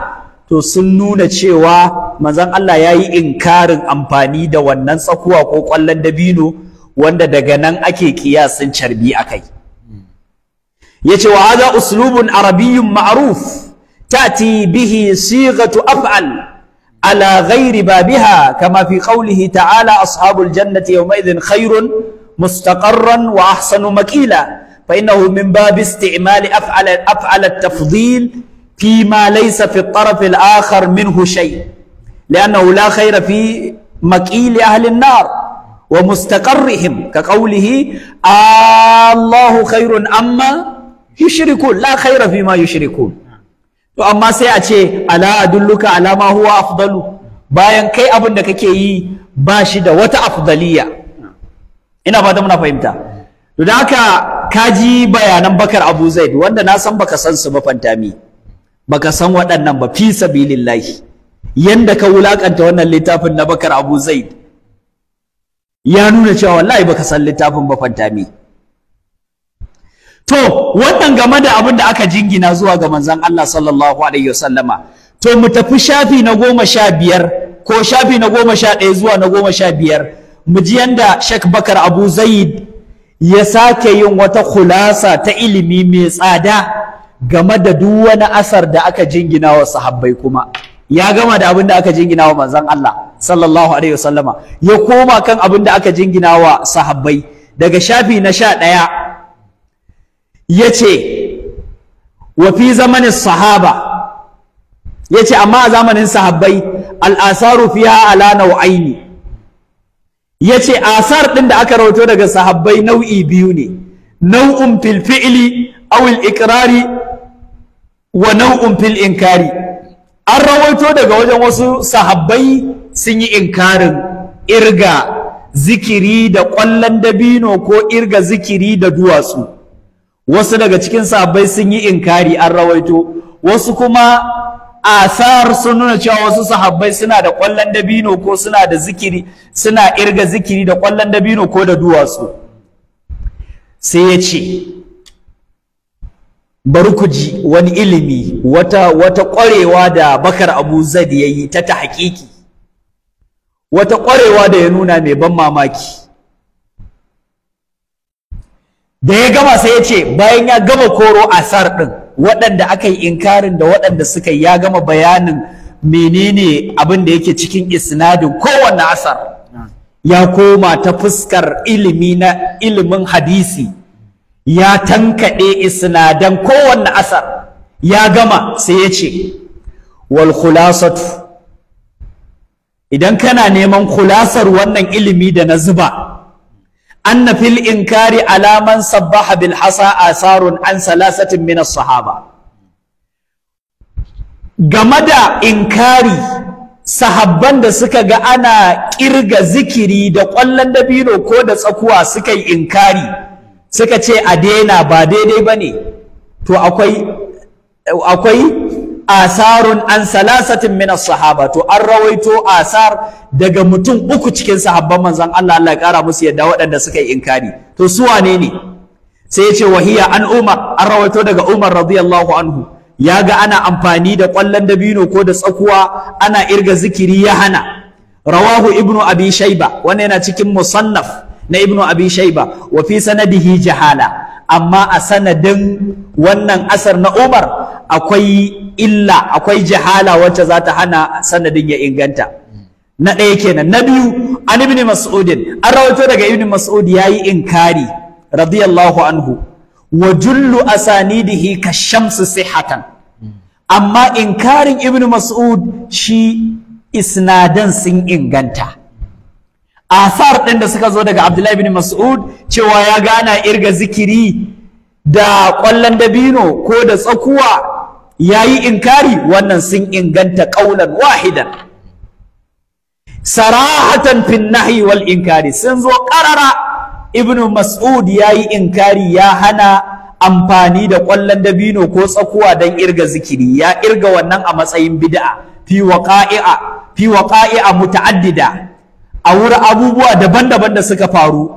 to sun nuna cewa manzon Allah yayi inkarin amfani da wannan tsakuwa ko kwallon dabino wanda daga nan ake kiyasin carbi akai yace wa hadha uslubun arabiyyun ma'ruf ta'ti bihi sighatu af'al على غير بابها كما في قوله تعالى أصحاب الجنة يومئذ خير مستقرا وأحسن مكيلا فإنه من باب استعمال أفعل, أفعل التفضيل فيما ليس في الطرف الآخر منه شيء لأنه لا خير في مكيل أهل النار ومستقرهم كقوله آه الله خير أما يشركون لا خير فيما يشركون to amma sai a ce ala adulluka ala ma huwa afdalu bayan kai abin da kake yi ba shi da wata afdaliya ina fata muna fahimta to da haka kaji bayanan bakar abu zaid wanda na san baka san su ba fantami baka san waɗannan ba fi sabilillahi yanda ka wulakanta wannan littafin na bakar abu zaid ya nuna cewa wallahi baka san littafin ba fantami to wannan game da abin da aka jingina zuwa ga manzon Allah sallallahu alaihi wasallama to mu tafi shafi na goma sha biyar ko shafi na goma sha ɗaya zuwa na goma sha biyar mu ji yanda Sheikh Bakar Abu Zaid ya sake yin wata khulasa ta ilimi mai tsada game da duk wani asar da aka jingina wa sahabbai kuma ya gama da abin da aka jingina wa manzon Allah sallallahu alaihi wasallama ya koma kan abin da aka jingina wa sahabbai daga shafi na sha ɗaya ya ce wa zamanin sahaba ya ce amma a zamanin sahabbai al'asaru fiya ala nau'aini ya ce asar ɗin da aka rawato daga sahabbai nau'i biyu ne nau'un fil fi'ili awil ikrari wa nau'un fil inkari an rawaito daga wajen wasu sahabbai sun yi inkarin irga zikiri da ƙwallon dabino ko irga zikiri da duwatsu wasu daga cikin sahabbai sun yi inkari an rawaito wasu kuma asar sun nuna cewa wasu sahabbai suna da kwallon dabino ko suna da zikiri suna irga zikiri da kwallon dabino ko da duwatsu sai ya ce bari ku ji wani ilimi wata wata ƙwarewa da bakar abu zadi ya yi ta ta haƙiƙi wata ƙwarewa da ya nuna mai ban mamaki da ya gama sai ya ce bayan ya gama koro asar ɗin waɗanda aka yi inkarin da waɗanda suka ya gama bayanin menene abin da yake cikin isnadin kowanne asar ya koma ta fuskar ilimi na ilimin hadisi ya tankaɗe isnadan kowanne asar ya gama sai ya ce wal khulasatu idan kana neman khulasar wannan ilimi da na zuba أن في inkari alaman من صبح بالحصى آثار عن salasatin min sahaba game da inkari sahabban da suka ga ana kirga zikiri da ƙwallon dabino ko da tsakuwa suka yi inkari suka ce a daina ba daidai ba ne to akwai asarun an salasatin min sahaba to an rawaito asar daga mutum uku cikin sahabban manzon Allah Allah ya kara musu yadda waɗanda suka yi inkari to su wane ne sai ya ce wahiya an Umar an rawaito daga Umar radiyallahu anhu ya ga ana amfani da ƙwallon dabino ko da tsakuwa ana irga zikiri ya hana rawahu ibnu abi shayba wannan yana cikin musannaf na ibnu abi shayba wa fi sanadihi jahala amma a sanadin wannan asar na Umar akwai illa akwai jahala wacce za ta hana sanadin ya inganta na ɗaya kenan na biyu an ibn mas'udin an rawaito daga ibn mas'ud ya yayi inkari radiyallahu anhu wa jullu asanidihi ka shamsu sihatan amma inkarin ibn mas'ud shi isnadan sun inganta asar ɗin da suka zo daga abdullahi ibn mas'ud cewa ya gana irga zikiri da ƙwallon dabino ko da tsakuwa yayi inkari wannan sun inganta ƙaunar wahidan sarahatan fin nahi wal inkari sun zo ƙarara Ibn mas'ud ya yi inkari ya hana amfani da ƙwallon dabino ko tsakuwa don irga zikiri ya irga wannan a matsayin bida'a fi waqa'i'a fi waqa'i'a muta'addida a wuri abubuwa daban-daban da suka faru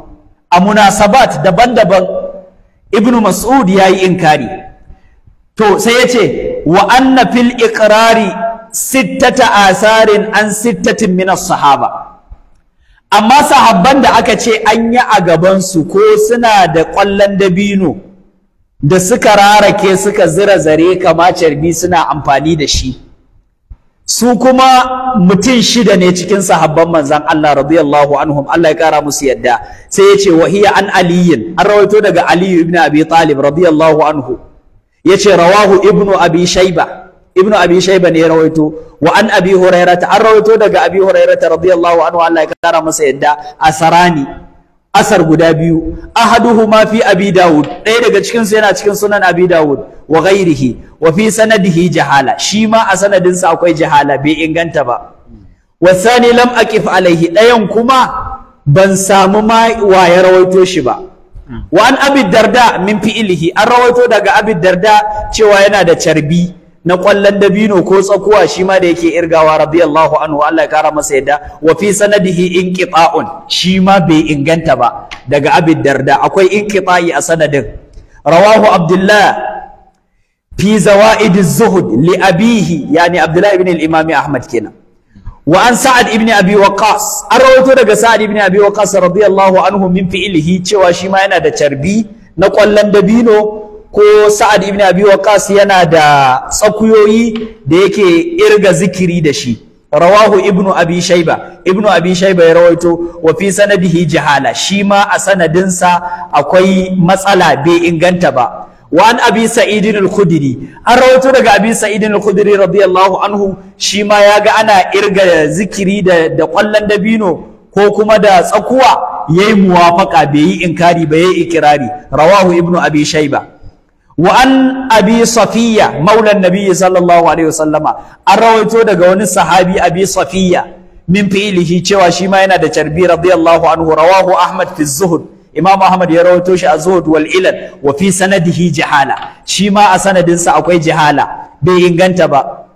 a munasabat daban-daban Ibn mas'ud ya yi inkari to sai ya ce wa anna fil iqrari sittata asarin an sittatin min sahaba amma sahaban da aka ce an yi a gabansu ko suna da ƙwallon dabino da suka rarake suka zira zare kama carbi suna amfani da shi su kuma mutum shida ne cikin sahaban manzan Allah radiyallahu anhum Allah ya kara musu yadda sai yace ce wahiya an aliyin an rawaito daga aliyu ibn abi talib radiyallahu anhu Ya ce rawahu ibnu abi shaiba ibnu abi shaiba ne ya rawaito wa an abi hurairata an rawaito daga abi hurairata radiyallahu anhu Allah ya kara masa yadda asarani asar guda biyu ahaduhuma fi abi daud ɗaya daga cikin su yana cikin sunan abi daud wa ghairihi wa fi sanadihi jahala shi ma a sanadin sa akwai jahala bai inganta ba wasani lam aqif alaihi ɗayan kuma ban samu ma wa ya rawaito shi ba wa an abi darda min fi'ilihi an rawaito daga abi darda cewa yana da carbi na kwallon dabino ko tsakuwa shi ma da yake irgawa radiyallahu anhu Allah ya kara masa yadda wa fi sanadihi inqita'un shi ma bai inganta ba daga abi darda akwai inqita'i a sanadin rawahu abdullah fi zawaid Zuhud, li abihi yani abdullah ibn al-imam ahmad kenan wa an sa'ad ibn abi waqas an rawaito daga sa'ad ibn abi waqas radiyallahu anhu min ilhi cewa shi ma yana da carbi na kwallon dabino ko sa'ad ibn abi waqas yana da tsakuyoyi da yake irga zikiri da shi rawahu ibnu abi Shaiba, ibnu abi Shaiba ya rawaito wa fi sanadihi jahala shi ma a sanadinsa akwai matsala bai inganta ba وعن أبي سعيد الخدري أروت لك أبي سعيد الخدري رضي الله عنه شيما ياغا أنا إرغا ذكري دا, دا قلن دبينو كوكما دا سكوا يي موافقة بي إنكاري بي إكراري رواه ابن أبي شيبة وأن أبي صفية مولى النبي صلى الله عليه وسلم أروت لك ون صحابي أبي صفية من فعله شوى شيما ينا دا تربي رضي الله عنه رواه أحمد في الزهد Imam Ahmad ya rawaito shi a Zuhud wal Ilal wa fi sanadihi jahala shi ma a sanadinsa akwai jahala bai inganta ba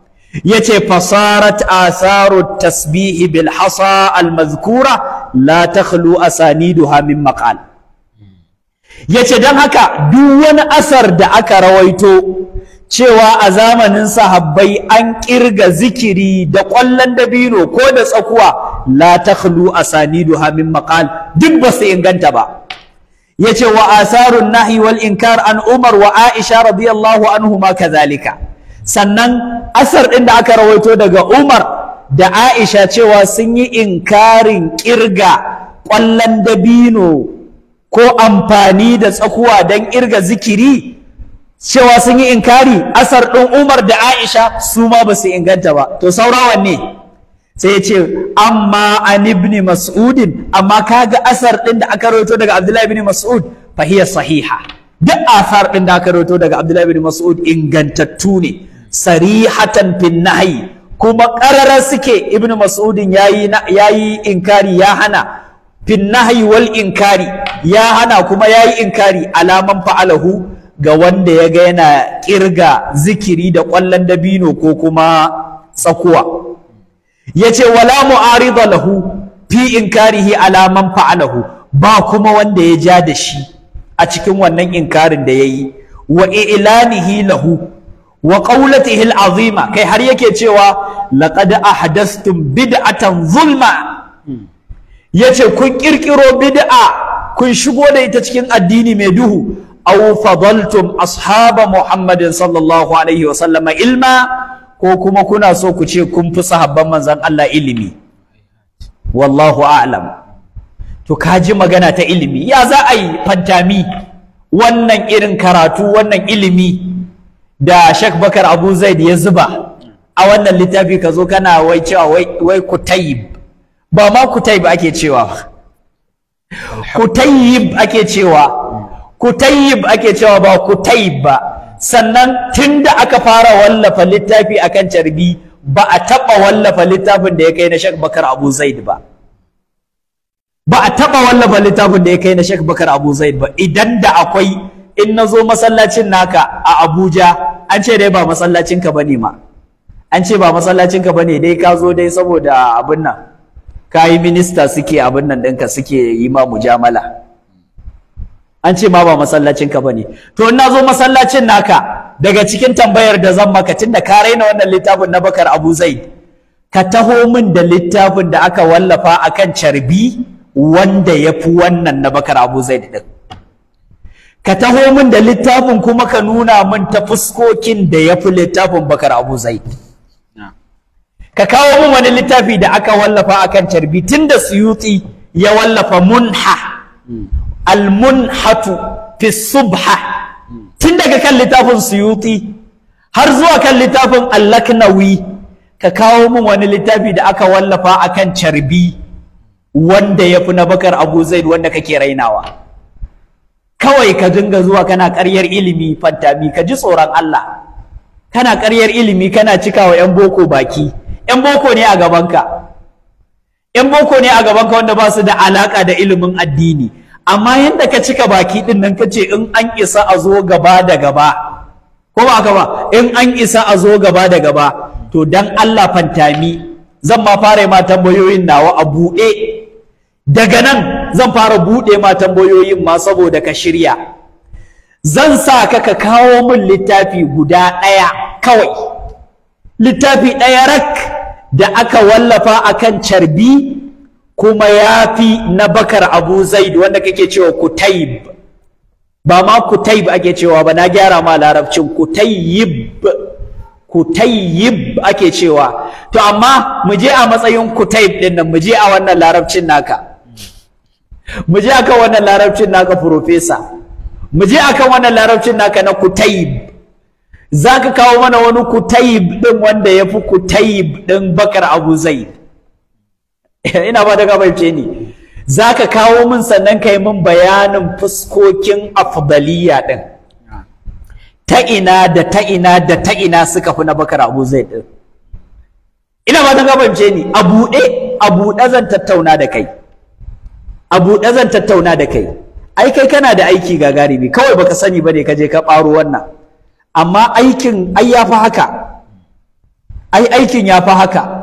yace fasarat asaru tasbihi bil hasa al mazkura la takhlu asaniduha min maqal yace dan haka duk wani asar da aka rawaito cewa a zamanin sahabbai an kirga zikiri da ƙwallon dabino ko da tsakuwa la Sani asaniduha min maqal duk ba su inganta ba yace wa asarun nahi wal inkar an Umar wa Aisha radiyallahu anhuma kazalika sannan asar ɗin da aka rawaito daga Umar da Aisha cewa sun yi inkarin kirga ƙwallon dabino ko amfani da tsakuwa don kirga zikiri cewa sun yi inkari asar ɗin Umar da Aisha su ma ba su inganta ba to Saurawa ne? sai ya ce amma an ibn mas'udin amma kaga asar ɗin da aka rawaito daga Abdullahi ibn Mas'ud fa hiya sahiha duk asar ɗin da aka rawaito daga Abdullahi ibn Mas'ud ingantattu ne sarihatan fin nahyi kuma ƙararar suke ibn mas'udin yayi yayi inkari ya hana fin nahyi wal inkari ya hana kuma yayi inkari alaman fa'alahu ga wanda ya ga yana kirga zikiri da ƙwallon dabino ko kuma tsakuwa ya ce wala mu'arida lahu fi inkarihi ala man fa'alahu ba kuma wanda ya ja da shi a cikin wannan inkarin da ya yi wa i'lanihi lahu wa qawlatihi al'azima kai har yake cewa laqad ahdastum bid'atan zulma yace kun ƙirƙiro bid'a kun shigo da ita cikin addini mai duhu aw fadaltum ashaba muhammadin sallallahu alaihi wa sallama ilma ko kuma kuna so ku ce kun fi sahabban manzan Allah ilimi wallahu a'lam to kaji magana ta ilimi ya za a yi fantami wannan irin karatu wannan ilimi da Sheikh Bakar Abu Zaid ya zuba a wannan littafi ka zo kana wai cewa wai kutayib ba ma kutayib ake cewa kutayib ake cewa kutayib ake cewa ba kutayib ba sannan tunda aka fara wallafa littafi akan carbi ba a taɓa wallafa littafin da ya kai na shek bakar abu zaid ba ba a taɓa wallafa littafin da ya kai na shek bakar abu zaid ba idan da akwai in na zo masallacin naka a abuja an ce dai ba masallacinka ba ne ma an ce ba masallacinka ba ne dai ka zo dai saboda abin nan ka yi minista suke abin nan ɗinka suke yi ma mujamala an ce ma ba masallacin ka bane to na zo masallacin naka daga cikin tambayar da zan maka tunda ka raina wannan littafin na Bakar Abu zai ka taho min da littafin da aka wallafa akan carbi wanda ya fi wannan na Bakar Abu zai din ka taho min da littafin kuma ka nuna min ta fuskokin da ya fi littafin Bakar Abu zai ka kawo min wani littafi da aka wallafa akan carbi tunda Suyuti ya wallafa Munha hmm. almunhatu fi subha tun daga kan littafin suyuti har zuwa kan littafin allaknawi ka kawo min wani littafi da aka wallafa a kan carbi wanda ya fi na bakar abu zaid wanda kake rainawa kawai ka dinga zuwa kana karyar ilimi fantami ka ji tsoron Allah kana karyar ilimi kana cikawa 'yan boko baki 'yan boko ne a gabanka 'yan boko ne a gabanka wanda ba su da alaka da ilimin addini amma yadda ka cika baki din nan ka ce in an isa a zo gaba da gaba ko ba in an isa a zo gaba da gaba to dan Allah fantami zan ma fara ma tambayoyin nawa a buɗe daga nan zan fara buɗe ma tambayoyin ma saboda ka shirya zan sa ka ka kawo min littafi guda ɗaya kawai littafi ɗaya rak da aka wallafa akan carbi kuma ya fi na bakar abu zaid wanda kake cewa kutayib ba ma kutaib ake cewa ba na gyara ma larabcin kutayib kutayib ake cewa to amma mu je a matsayin kutayib din nan mu je a wannan larabcin naka mu je akan wannan larabcin naka profesa mu je akan wannan larabcin naka na kutayib zaka kawo mana wani kutayib din wanda yafi kutayib din bakar abu zaid ina ba daga bai ni za ka kawo min sannan ka yi min bayanin fuskokin afdaliya ɗin ta ina da ta ina da ta ina suka fi na bakar abu zai ɗin ina ba daga bai ni a buɗe a buɗe zan tattauna da kai a buɗe zan tattauna da kai ai kai kana da aiki gagarumi kawai baka sani ba ne ka je ka ɓaro wannan amma aikin ai ya fi haka ai aikin ya fi haka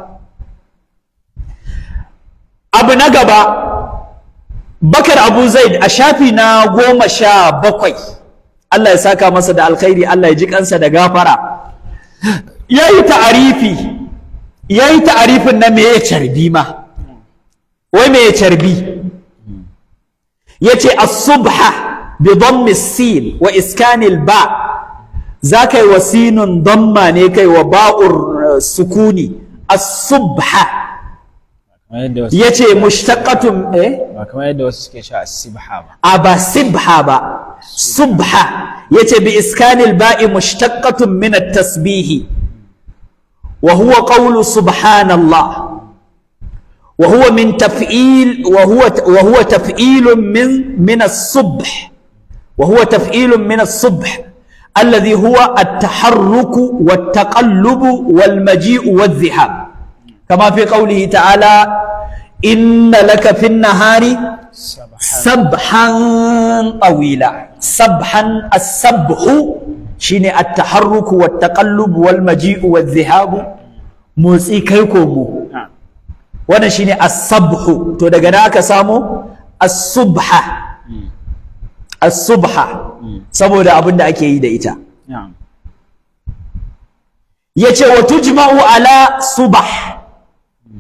abu na gaba bakar abu zaid a shafi na goma sha bakwai Allah ya saka masa da alkhairi Allah ya ji kansa da gafara ya yi ta'arifi ya yi ta'arifin na meye carbi ma wai meye carbi ya ce asubha bi dhammi sin wa iskanil ba za ka yi wa sinun damma ne kai wa ba'ur eh, sukuni asubha ya ce mushtaqatun eh ba kamar yadda wasu suke sha asibha ba a ba sibha ba subha ya ce bi iskanil ba'i mushtaqatun min at-tasbihi wa huwa qawlu subhanallah وهو من تفعيل وهو وهو تفعيل من من الصبح وهو تفعيل من الصبح الذي هو التحرك والتقلب والمجيء والذهاب كما في قوله تعالى إن لك في النهار سبحا طويلا سبحا السبح شيني التحرك والتقلب والمجيء والذهاب موسيقيكم وانا شيني السبح تو دغناك سامو الصبح الصبح سبو دا أبن دا أكي إيدا إيتا نعم وتجمع على صبح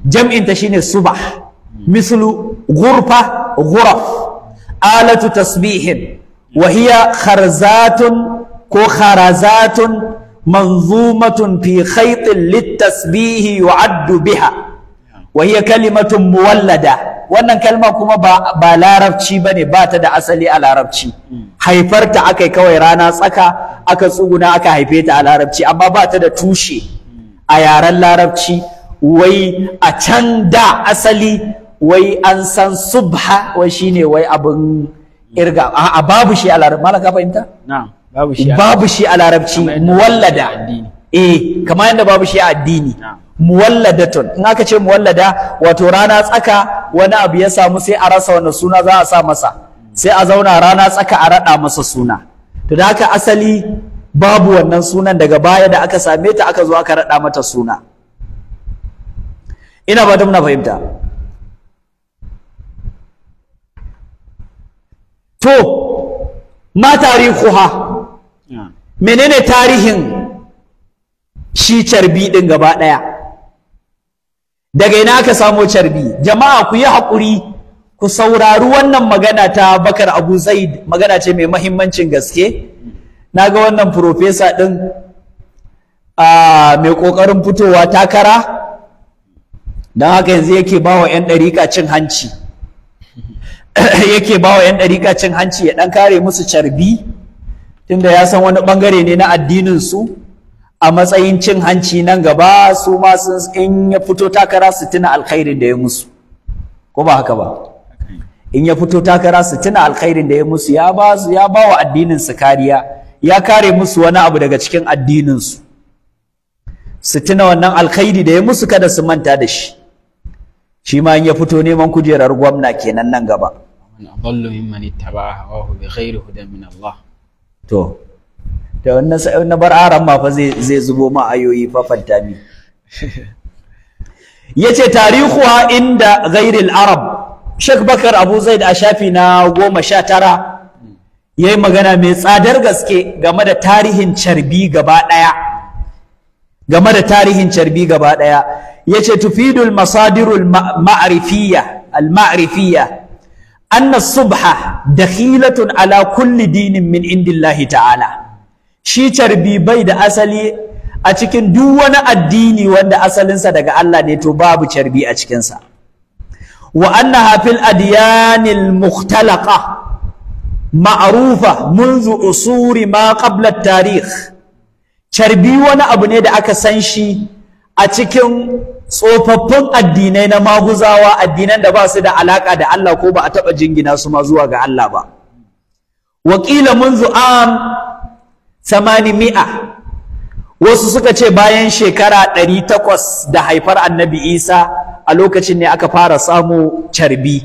جمع انت شيني الصبح مثل غرفة غرف آلة تسبيح وهي خرزات كخرزات منظومة في خيط للتسبيح يعد بها وهي كلمة مولدة وأن كلمة كما بلا ربشي بني بات دا أسلي على ربشي حيفرت أكي كوي رانا سكا أكي سوغنا أكي حيفيت على ربشي أما بات توشي أيار الله ربشي وي أتندا أسلي wai an san subha wai shine wai abin irga a babu shi a larabci malaka fahimta babu shi a larabci muwallada eh kamar yadda babu shi a addini tun. in aka ce muwallada wato rana tsaka wani abu ya samu sai a rasa wani suna za a sa masa sai a zauna rana tsaka a raɗa masa suna to da aka asali babu wannan sunan daga baya da aka same ta aka zo aka raɗa mata suna ina ba muna fahimta to ma tarihuha menene tarihin shi carbi din gaba daya daga ina aka samo carbi jama'a ku yi hakuri ku saurari wannan magana ta bakar abu zaid magana ce mai mahimmancin gaske naga ga wannan profesa ɗin mai kokarin fitowa takara don haka yanzu yake ba wa 'yan ɗarika cin hanci yake ba wa yan ɗariƙa cin hanci ya ɗan kare musu carbi tunda ya san wani ɓangare ne na addininsu, a matsayin cin hanci nan gaba su ma sun in ya fito takara su tuna alkhairin da ya musu ko ba haka ba in ya fito takara su tuna alkhairin da ya musu ya ba su ya ba wa addinin kariya ya kare musu wani abu daga cikin addininsu, su su tuna wannan alkhairi da ya musu kada su manta da shi shi ma in ya fito neman kujerar gwamna kenan nan gaba man adallu zai zubo ma ayoyi fa fantami yace tarihuwa inda ghairi arab Sheikh Bakar Abuzaid Zaid a shafi na goma sha tara ya yi magana mai tsadar gaske game da tarihin carbi gaba ɗaya Yace tufidul masadirul ma'arifiyya anna subha dakhilatun ala kulli dinin min indillahi ta'ala shi carbi bai da asali a cikin duk wani addini wanda asalinsa daga Allah ne to babu carbi a cikinsa wa annaha fil adyanil mukhtalaqa ma'rufa منذ usuri ma qabla tarikh carbi wani abu ne da aka san shi a cikin tsofaffin addinai na maguzawa addinan da ba su da alaka da Allah ko ba a taɓa jingina su ma zuwa ga Allah ba wakila munzu samani mi'a wasu suka ce bayan shekara ɗari takwas da haifar annabi isa a lokacin ne aka fara samu carbi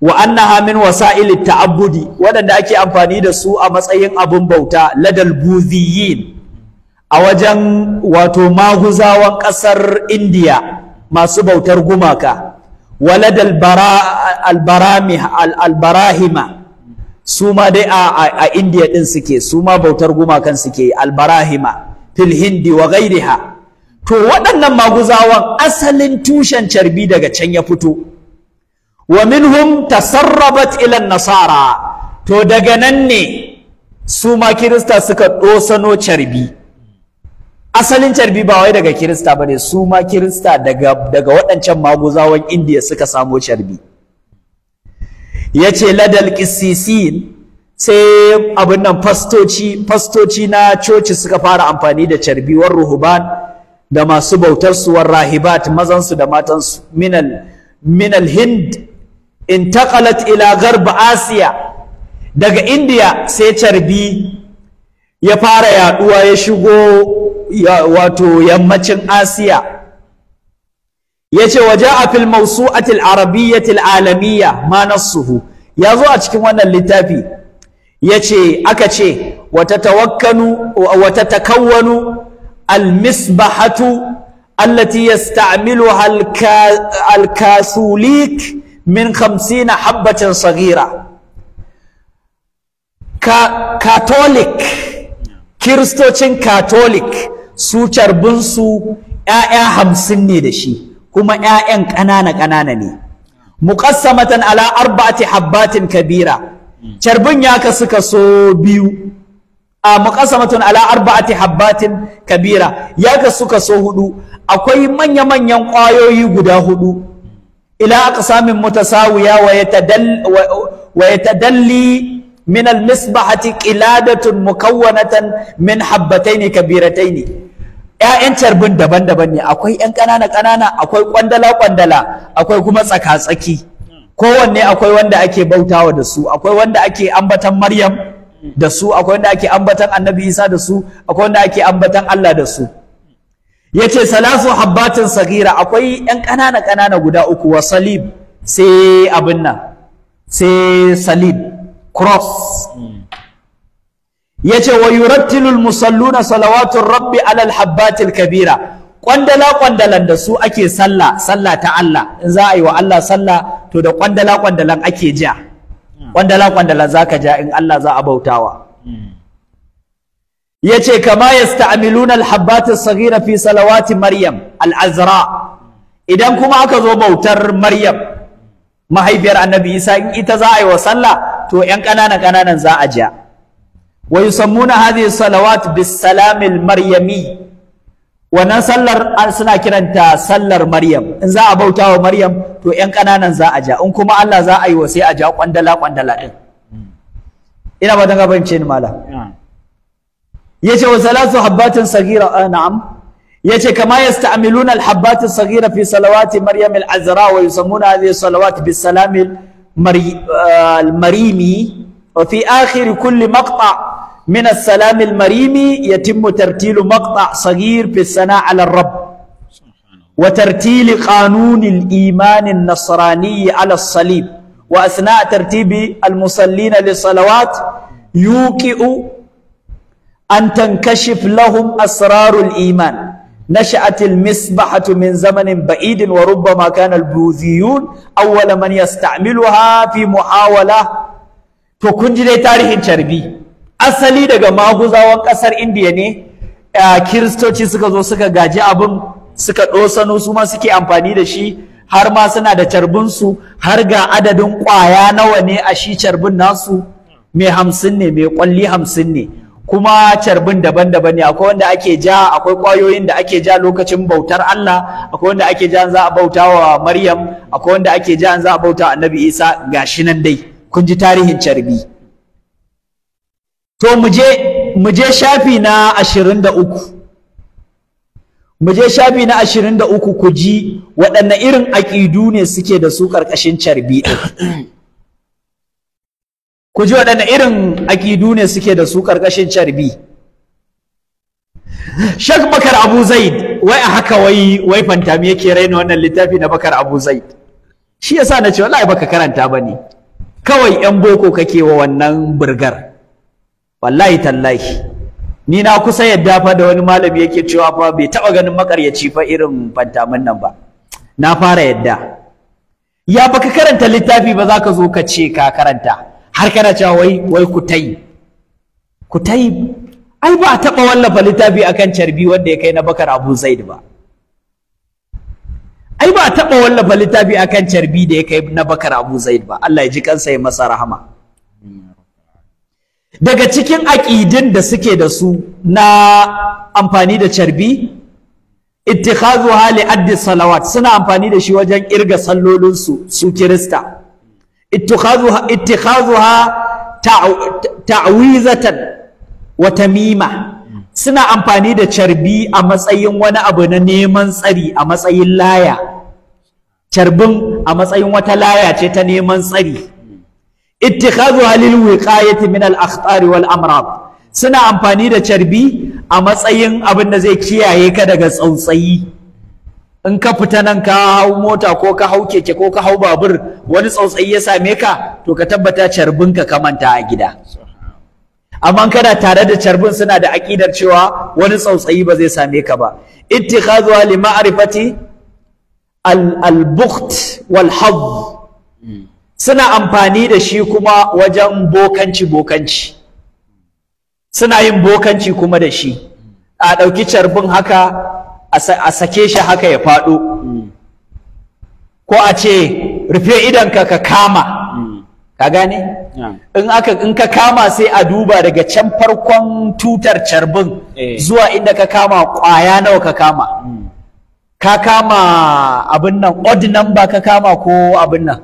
wa anna hamin wasa'il ta'abudi waɗanda ake amfani da su a matsayin abin bauta ladal buziyin a wajen wato maguzawan ƙasar indiya masu bautar gumaka walad albarahima su ma dai a indiya ɗin suke su ma bautar gumakan suke albarahima fil hindi wa gairiha to waɗannan maguzawan asalin tushen carbi daga can ya fito wa minhum tasarrabat ilan nasara to daga nan ne su ma kirista suka ɗosano carbi asalin carbi ba wai daga kirista bane su ma kirista daga daga waɗancan maguzawan indiya suka samo carbi yace ladal qisisin sai abin nan fastoci fastoci na coci suka fara amfani da carbi war ruhuban da masu bautar su war rahibat mazan su da matan su minal minal hind intaqalat ila garba asiya daga indiya sai carbi ya fara yaduwa ya shigo ya wato yammacin asiya yace waja'a fil mawsu'atil arabiyyatil alamiyya ma nasuhu yazo a cikin wannan littafi ya ce aka ce wata takawwanu almisbahatu allati yasta'miluha alkasulik min khamsina habbatan saghira ka catholic kiristocin katolik su carbinsu ‘ya'ya hamsin ne da shi kuma ‘ya'yan ƙanana-ƙanana ne muƙassamatan ala arba'ati habbatin kabira carbin ya kasu kaso biyu a muƙassamatun ala arba'ati habbatin kabira ya kasu kaso hudu akwai manya-manyan ƙwayoyi guda hudu ila aka aqsamin mutasawiya wa yatadalli Minal من المصبحة قلادة مكونة ne kabiratai ne. ‘ya'yan carbin daban-daban ne akwai ‘yan ƙanana-ƙanana akwai ƙwandala-ƙwandala akwai kuma tsaka-tsaki kowanne akwai wanda ake bautawa da su akwai wanda ake ambatan maryam da su akwai wanda ake ambatan annabi isa da su akwai wanda ake ambatan allah da su ya ce salasu habbatin sagira akwai ‘yan ƙanana-ƙanana guda uku wa salib sai abin nan sai salib cross yace wa yurattilu almusalluna salawatu rabbi ala alhabbatil kabira kwandala kwandalan da su ake sallah sallah ta Allah in za a yi wa Allah sallah to da kwandala kwandalan ake ja kwandala kwandalan zaka ja in Allah za a bautawa yace kama yasta'miluna alhabbatis saghira fi salawati maryam al'azra. idan kuma aka zo bautar maryam mahaifiyar annabi isa in ita za a yi wa sallah to ‘yan ƙananan ƙananan za a ja wa yusammuna hadhihi salawat bis salamil maryami wannan sallar suna kiranta sallar maryam in za a bauta wa maryam to ‘yan ƙananan za a ja in kuma Allah za a yi wa sai a ja kwandala kwandala ɗin ina ba danga bance ni malam yace wa salatu habbatin sagira ah, na'am yace kama ya al-habbat as-saghira fi salawati maryam al-azra wa yusammuna hadhihi salawat bis salamil مري آه، المريمي وفي آخر كل مقطع من السلام المريمي يتم ترتيل مقطع صغير في الثناء على الرب وترتيل قانون الإيمان النصراني على الصليب وأثناء ترتيب المصلين للصلوات يوكئ أن تنكشف لهم أسرار الإيمان نشأت المصبحة من زمن بعيد وربما كان البوذيون أول من يستعملها في محاولة تكون جدي تاريخ شربي أصلي دقا ماغوزا وكسر إنديا ني kiristoci suka zo suka gaji abin suka ɗosano su suke amfani da shi har ma suna da carbinsu har ga adadin ƙwaya nawa ne a shi carbin nasu mai hamsin ne mai ƙwalli hamsin ne kuma carbin daban-daban ne akwai wanda ake ja akwai ƙwayoyin da ake ja lokacin bautar Allah akwai wanda ake ja za a bauta wa Maryam akwai wanda ake ja za a bauta Annabi Isa gashi nan dai kun ji tarihin carbi to mu je mu je shafi na 23 mu je shafi na 23 ku ji waɗanne irin aƙidu ne suke da su ƙarƙashin carbi ku ji waɗanne irin aƙidu ne suke da su ƙarƙashin carbi Sheikh Bakar Abu Zaid wai a haka wai wai fantami yake raina wannan littafi na Bakar Abu Zaid shi yasa na ce wallahi baka karanta ba ne. kawai yan boko kake wa wannan burgar wallahi tallahi ni na kusa yadda fa da wani malami yake cewa fa bai taɓa ganin makaryaci fa irin fantamin nan ba na fara yadda ya baka karanta littafi ba za ka zo ka ce ka karanta har kana cewa wai wai kutai kutai ai ba a taɓa wallafa littafi akan carbi wanda ya kai na bakar abu zaid ba ai ba a taɓa wallafa littafi akan carbi da ya kai na bakar abu zaid ba Allah ya ji kansa ya masa rahama daga cikin aƙidin da suke da su na amfani da carbi ittikhazu hali addi salawat suna amfani da shi wajen irga sallolinsu su kirista ittikhazuha ittikhazuha ta'wizatan wa suna amfani da carbi a matsayin wani abu na neman tsari a matsayin laya carbin a matsayin wata laya ce ta neman tsari ittikhazuha lil wiqayati min al akhtar wal amrad suna amfani da carbi a matsayin abin da zai kiyaye ka daga tsautsayi in ka fita nan ka hau mota ko ka hau keke ko ka hau babur wani tsautsayi ya same ka to ka tabbata carbinka ka manta a gida amma kana tare da carbin suna da aƙidar cewa wani tsautsayi ba zai same ka ba ittikhadhuha li ma'rifati al-bukht wal suna amfani da shi kuma wajen bokanci bokanci suna yin bokanci kuma da shi a ɗauki carbin haka a sake shi haka ya faɗo ko a ce rufe idanka ka kama ka gane in aka in ka kama sai a duba daga can farkon tutar carbin eh. zuwa inda ka kama kwaya nawa ka kama hmm. ka kama abin nan odd number ka kama ko abin nan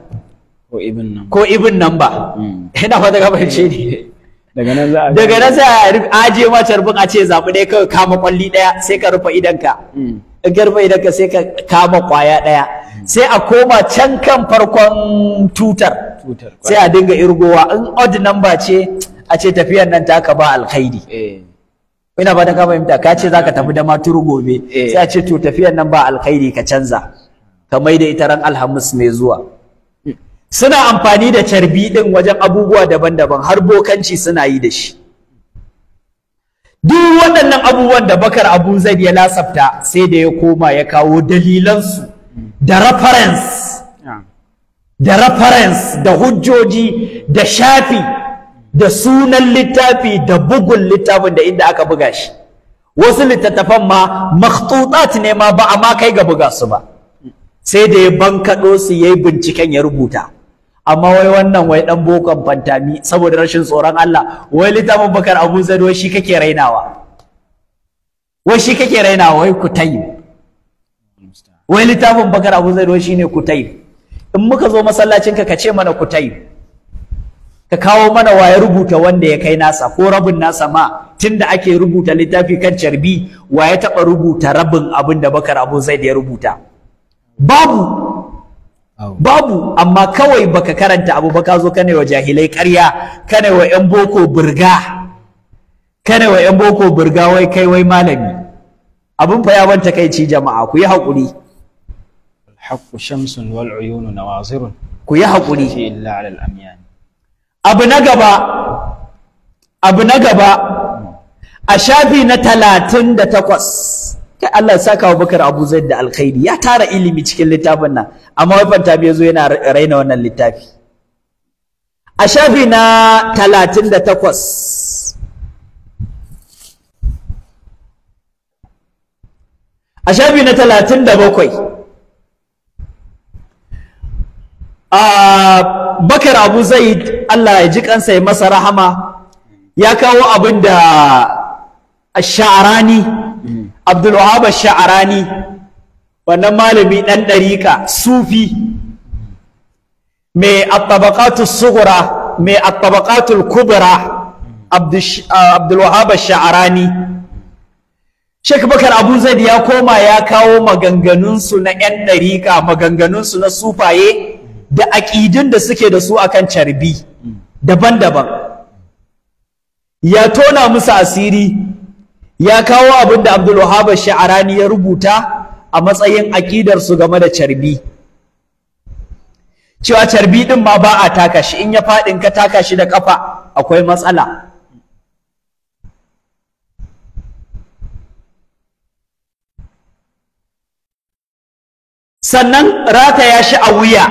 ko ibin number hmm. ina fata ka fahimce ne daga nan za a daga nan sai a aje ma carbin a ce zaɓi ɗaya kawai kama ƙwalli ɗaya sai ka rufe idanka hmm. in ka rufe idanka sai ka kama ƙwaya ɗaya sai a koma can kan farkon tutar sai a dinga irgowa in odd number ce a ce tafiyar nan taka ba alkhairi eh. ina ba ta ka fahimta ka ce za ka tafi da maturu gobe eh. sai a ce to tafiyar nan ba alkhairi ka canza ka mai da ita ran alhamis mai zuwa suna amfani da carbi ɗin wajen abubuwa daban-daban har bokanci suna yi da shi duk waɗannan abubuwan da bakar abu zaid ya lasafta sai da ya koma ya kawo dalilansu da reference da reference da hujjoji da shafi da sunan littafi da bugun littafin da inda aka buga shi wasu littattafan ma makhtutat ne ma ba a ma kai ga buga su ba sai da ya bankaɗo su ya yi binciken ya rubuta amma wai wannan wai dan bokon fantami saboda rashin tsoron Allah wai littafin bakar abu wai shi kake rainawa wai shi kake rainawa wai kutai wai littafin bakar abu zaid wai shine kutai in muka zo masallacin ka ce mana kutai ka kawo mana waye rubuta wanda ya kai nasa ko rabin nasa ma tunda ake rubuta littafi kan carbi waye taba rubuta rabin abinda bakar abu zaid ya rubuta babu babu amma kawai baka karanta abu ba ka zo kane wa jahilai ƙarya kane wa 'yan boko burga kane wa 'yan boko burga wai kai wai malami abin fa ya ban takaici jama'a ku yi haƙuri haqqu shamsun wal uyunu nawazirun ku yi haƙuri illa alal amyan abu na gaba abu na gaba a shafi na talatin da takwas kai Allah ya saka Abubakar Abu Zaid da alkhairi ya tara ilimi cikin littafin nan amma wai bai zo yana raina wannan littafi a shafi na 38 a shafi na 37 a Bakar Abu Zaid Allah ya ji kansa ya masa rahama ya kawo abin da Sha'arani abdul wahab sha'arani wannan malami ɗan ɗarika, sufi mai attabaqatul sughra mai attabaqatul kubra abdul wahab sha'arani Sheikh Bakar Abu Zaid ya koma ya kawo maganganunsu na 'yan ɗariƙa maganganunsu na sufaye da aƙidun da suke da su akan carbi daban-daban ya tona musu asiri ya kawo abin da Abdul Wahhab Sha'arani ya rubuta a matsayin aqidar su game da carbi cewa carbi din ma ba a taka shi in ya fadin ka taka shi da kafa akwai matsala sannan rataya shi a wuya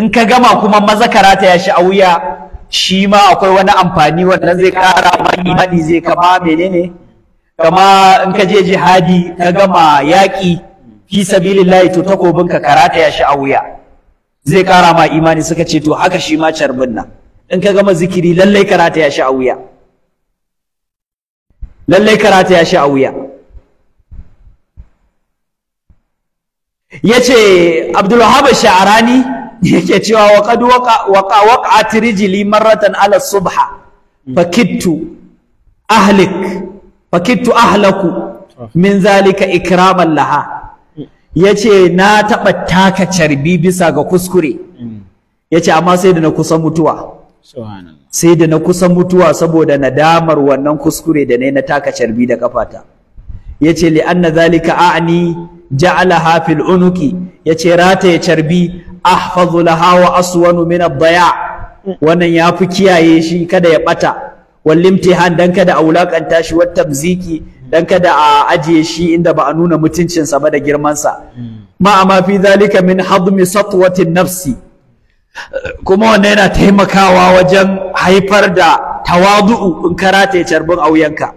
in ka gama kuma maza ka rataya shi a wuya shi ma akwai wani amfani wannan zai kara ma imani zai kama menene ne kama in ka je jihadi ka gama yaƙi fi sabilillahi to takobin ka ya shi a wuya zai ƙara ma imani suka ce to haka shi ma carbin nan in ka gama zikiri lallai karata ya shi a wuya lallai karata ya shi a wuya yace Abdul Wahab ya yake cewa wa qad waqa waqa waqa'at rijli marratan ala subha fakittu ahlik fakittu ahlaku min zalika ikraman laha yace na taɓa taka carbi bisa ga kuskure yace amma sai da na kusan mutuwa sai da na kusan mutuwa saboda nadamar wannan kuskure da yi na taka carbi da kafata yace li anna zalika a'ani ja'ala hafil unuki yace rataye carbi ahfazu laha wa aswanu min baya Wannan ya fi kiyaye shi kada ya ɓata. wallimtihan dan kada a wulakanta shi wata tabziki dan kada a ajiye shi inda ba a nuna mutuncinsa ba da girmansa ma amma fi zalika min hadmi satwatin nafsi kuma wannan yana taimakawa wajen haifar da tawadu'u in karata ya carbin auyanka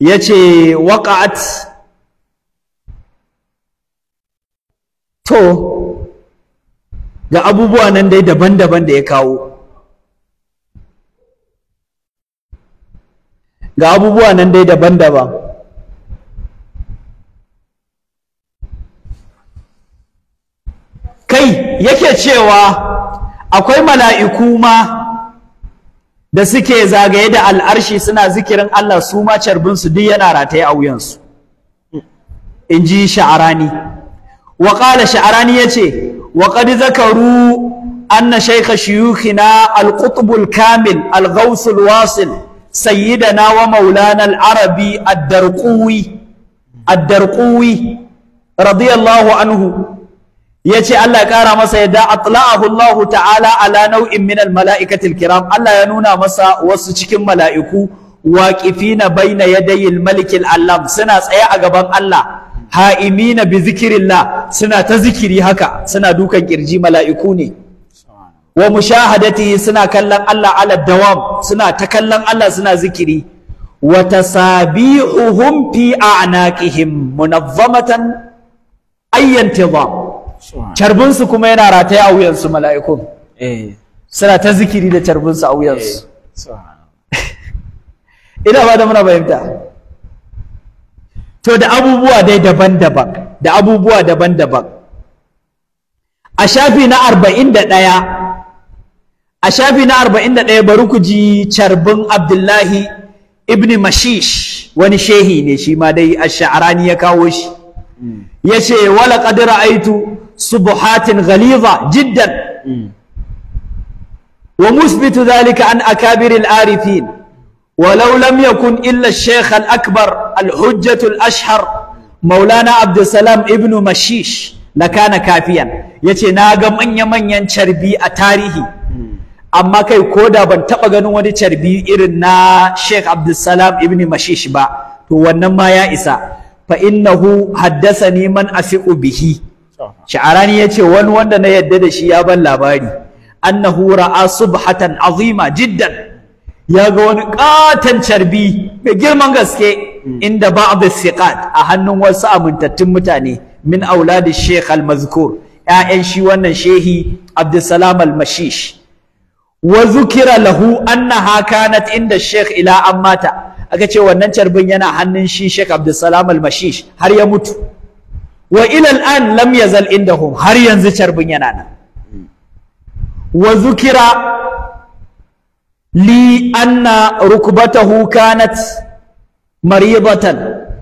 yace waqa'at to ga abubuwa nan dai daban-daban da ya kawo ga abubuwa nan dai daban-daban kai yake cewa akwai mala'iku ma da suke zagaye da al'arshi suna zikirin Allah su ma carbinsu duk yana rataye a wuyansu in ji sha'arani wa ƙala sha'arani ya ce wa ƙadi zakaru anna shaikha shiyukina al-qutbul kamil al wasil sayyidana wa maulana arabi ad-darqawi radiyallahu anhu yace Allah ya kara masa yadda atla'ahu Allah ta'ala ala nau'in minal mala'ikatil kiram Allah ya nuna masa wasu cikin mala'iku waqifina baina yaday al-malik allam suna tsaye a gaban Allah ha'imina bi zikrillah suna ta zikiri haka suna dukan ƙirji. mala'iku ne wa mushahadatihi suna kallon Allah ala dawam suna ta kallon Allah suna zikiri wa tasabihuhum fi a'naqihim munazzamatan ayyan tidam carbin su kuma yana rataye a wuyan su mala'ikun eh suna ta zikiri da carbin su a wuyan eh. su ina ba da muna fahimta to da abubuwa dai daban-daban da abubuwa daban-daban a shafi na arba'in da ɗaya أشافي نار بإن ده بروكجي شربن عبد الله ابن مشيش ونشيهي نشي ما ده الشعراني يكويش يشي ولا قد رأيت صبحات غليظة جدا ومثبت ذلك عن أكابر العارفين ولو لم يكن إلا الشيخ الأكبر الحجة الأشهر مولانا عبد السلام ابن مشيش لكان كافيا يتي ناغم أن يمن ينشر بي أتاريه amma kai ko da ban taɓa ganin wani carbi irin na Sheikh Abdulsalam ibn Mashish ba to wannan ma ya isa fa innahu neman man asiqu bihi sha'arani yace wani wanda na yadda da shi ya ban labari annahu ra'a subhatan azima jiddan ya ga wani katon carbi mai girman gaske inda ba ba'd siqat a hannun wasu amintattun mutane min auladi Sheikh al-mazkur Ya'yan shi wannan shehi Abdulsalam al-Mashish Wazukira lahu annaha kanat inda sheikh ila an mata aka ce wannan carbin yana hannun shi sheikh abdulsalam al-mashish har ya mutu wa ila an lam yazal indahum har yanzu carbin yana nan wa zukira li anna rukbatahu kanat maribatan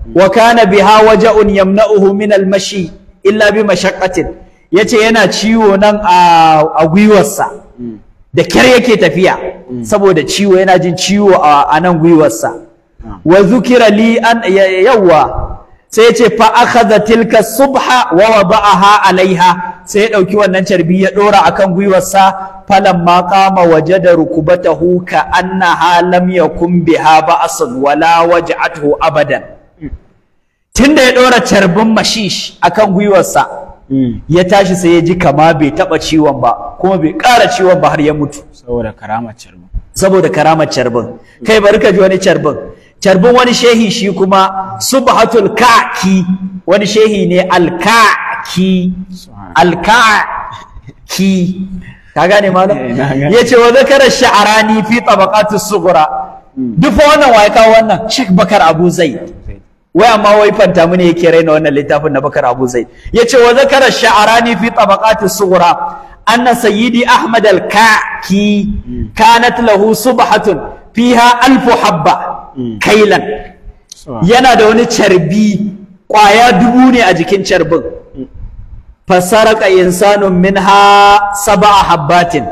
wa kana biha waja'un yamna'uhu min al-mashi illa bi mashaqqatin yace yana ciwo nan a gwiwarsa da kyar yake tafiya mm. saboda ciwo yana jin ciwo a nan gwiwarsa ah. wa zukira li an yawwa sai ya ce fa akhadha tilka subha wa wada'aha alaiha sai ya dauki wannan carbi ya dora akan gwiwarsa ma qama wajada rukubatahu ka annaha lam yakun biha ba'sun wala waj'athu abadan mm. tunda ya dora carbin mashish akan gwiwarsa Mm. ya tashi sai ya ji kama bai taba ciwon ba kuma bai ƙara ciwon ba har ya mutu saboda karamar carbin saboda karamar carbin kai bari ka ji wani carbin carbin wani shehi shi kuma subhatul kaki wani shehi ne alkaki alkaki ka gane malam eh, ce wa zakara sha'rani fi tabaqatus sughra mm. duk wannan wa ya kawo wannan Sheikh Bakar Abu Zaid wai amma wai fanta mu ne yake raina wannan littafin na Bakar Abu Zaid yace wa zakara sha'arani fi tabaqati sughra anna sayyidi Ahmad al-Kaki kanat lahu subhatun fiha alfu habba kailan yana da wani carbi kwaya dubu ne a jikin carbin fasaraka insanun minha sab'a habbatin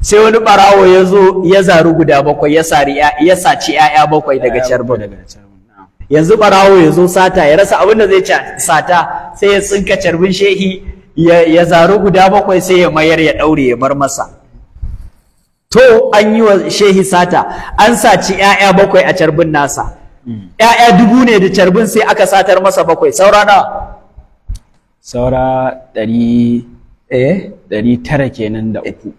sai wani barawo ya zo ya zaru guda bakwai ya saci 'ya'ya bakwai daga carbin yanzu barawo ya zo sata ya rasa abin da zai sata sai ya tsinka carbin shehi ya zaru guda bakwai sai ya mayar ya ɗaure ya bar masa to an yi wa shehi sata an saci 'ya'ya bakwai a carbin nasa 'ya'ya dubu ne da carbin sai aka satar masa bakwai saura nawa saura ɗari eh ɗari tara kenan da uku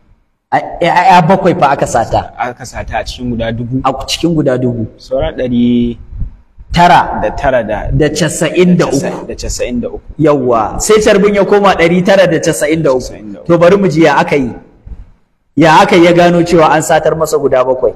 ‘ya'ya bakwai fa aka sata. Aka sata a cikin guda dubu? A cikin guda dubu. Saura ɗari tara da tara da casa'in da uku da casa'in da uku yawwa sai carbin ya koma ɗari tara da casa'in da uku to bari mu ji ya aka yi ya aka yi ya gano cewa an satar masa guda bakwai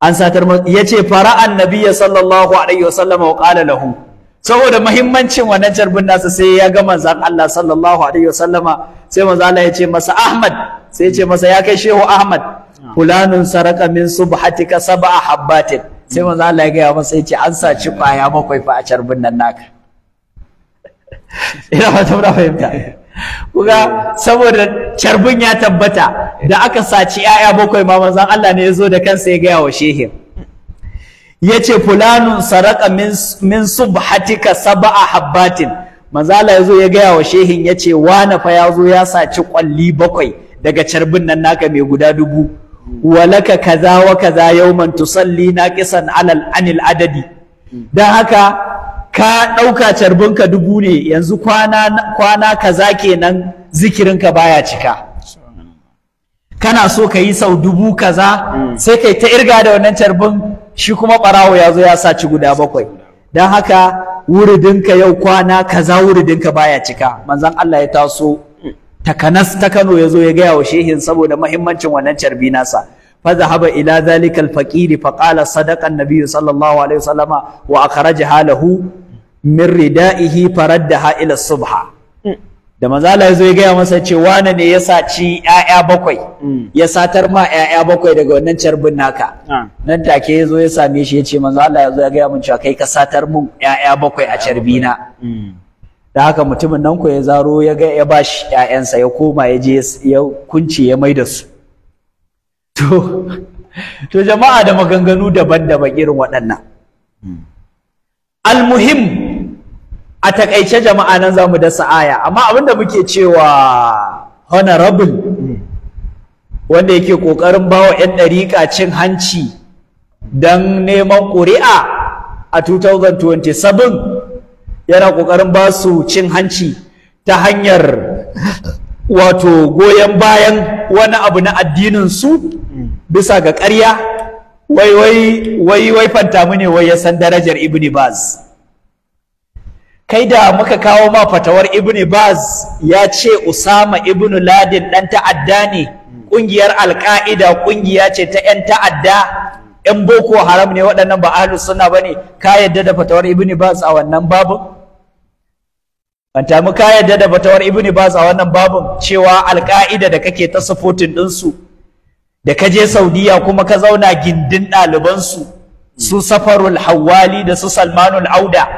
an satar masa ya ce fara annabiya sallallahu alaihi sallama wa qala lahu saboda muhimmancin wannan carbin nasa sai ya ga manzan Allah sallallahu alaihi sallama. sai manzon Allah ya ce masa Ahmad sai ya ce masa ya kai shehu Ahmad ah. fulanun saraka min subhatika sab'a habbatin sai manzo Allah ya gaya masa an saci kwaya bakwai fa a carbin nan naka ina ba ta fahimta kuga saboda carbin ya tabbata da aka saci ‘ya'ya bakwai ma mazan Allah ne ya zo da kansa ya gaya wa shehin Yace fulanun saraka min subhatika saba'a habbatin manzala ya zo ya gaya wa shehin yace, ce wane fa ya zo ya saci kwalli bakwai daga carbin nan naka mai guda dubu walaka kaza wa kaza yawman tusalli naqisan alal anil adadi dan haka ka ɗauka carbinka dubu ne yanzu kwana kwana kaza kenan zikirinka baya cika kana so ka yi sau dubu kaza sai kai ta irga da wannan carbin shi kuma ɓarawo ya zo ya saci guda bakwai dan haka wuridinka yau kwana kaza wuridinka baya cika manzon Allah ya taso takanas ta Kano ya zo ya gaya wa shehin saboda mahimmancin wannan carbi nasa فذهب إلى ذلك الفقير فقال صدق النبي صلى الله عليه وسلم وأخرجها له من ردائه فردها إلى الصبح da manzo Allah yazo ya gaya masa ce wane ne ya saci ƴaƴa bakwai ya satar ma ƴaƴa bakwai daga wannan carbin naka ah. nan take yazo ya same shi ya ce manzo Allah yazo ya gaya mun cewa kai ka satar mun ƴaƴa bakwai a carbina mm. da haka mutumin nan ku ya zaro ya ga ya bashi ƴaƴansa ya koma ya je ya kunce ya maida su to to jama'a da maganganu daban-daban irin waɗannan almuhim a takaice jama'a nan zamu mu dasa aya amma abin da muke cewa honorable wanda yake ƙoƙarin bawa 'yan ɗariƙa cin hanci dan neman ƙuri'a a 2027 yana ƙoƙarin ba su cin hanci ta hanyar wato goyon bayan wani abu na addininsu bisa ga ƙarya wai wai wai wai ne wai ya san darajar ibn baz kai da muka kawo ma fatawar ibn baz ya ce usama ibn ladin dan ta'adda ne kungiyar alka'ida kungiya ce ta yan ta'adda yan boko haram ne waɗannan ba ahlus sunna bane ka yadda da fatawar ibn baz a wannan babu Banta mu ka yadda da batawar Ibn Baz a wannan babun cewa alƙa'ida da kake ta supporting ɗinsu da kaje je Saudiya kuma ka zauna gindin ɗalibansu su Safarul Hawali da su Salmanul Auda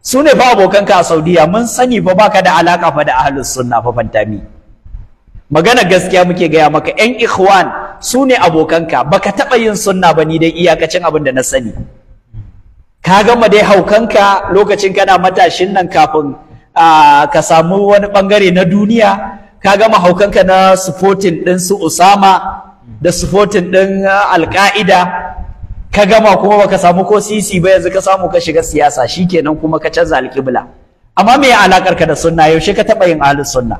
su ne fa abokanka a Saudiya mun sani fa baka da alaka fa da ahlus sunna fa fantami magana gaskiya muke gaya maka ƴan ikhwan su ne abokanka baka taɓa yin sunna ba ni dai iyakacin abin da na sani ka gama dai haukanka lokacin kana matashin nan kafin ka samu wani bangare na duniya ka gama haukanka na supporting ɗin su Usama da supporting ɗin alƙa'ida ka gama kuma baka samu ko sisi ba yanzu ka samu ka shiga siyasa shikenan kuma ka canza alƙibla amma me ya alakar ka da sunna yaushe ka taɓa yin ahlus sunna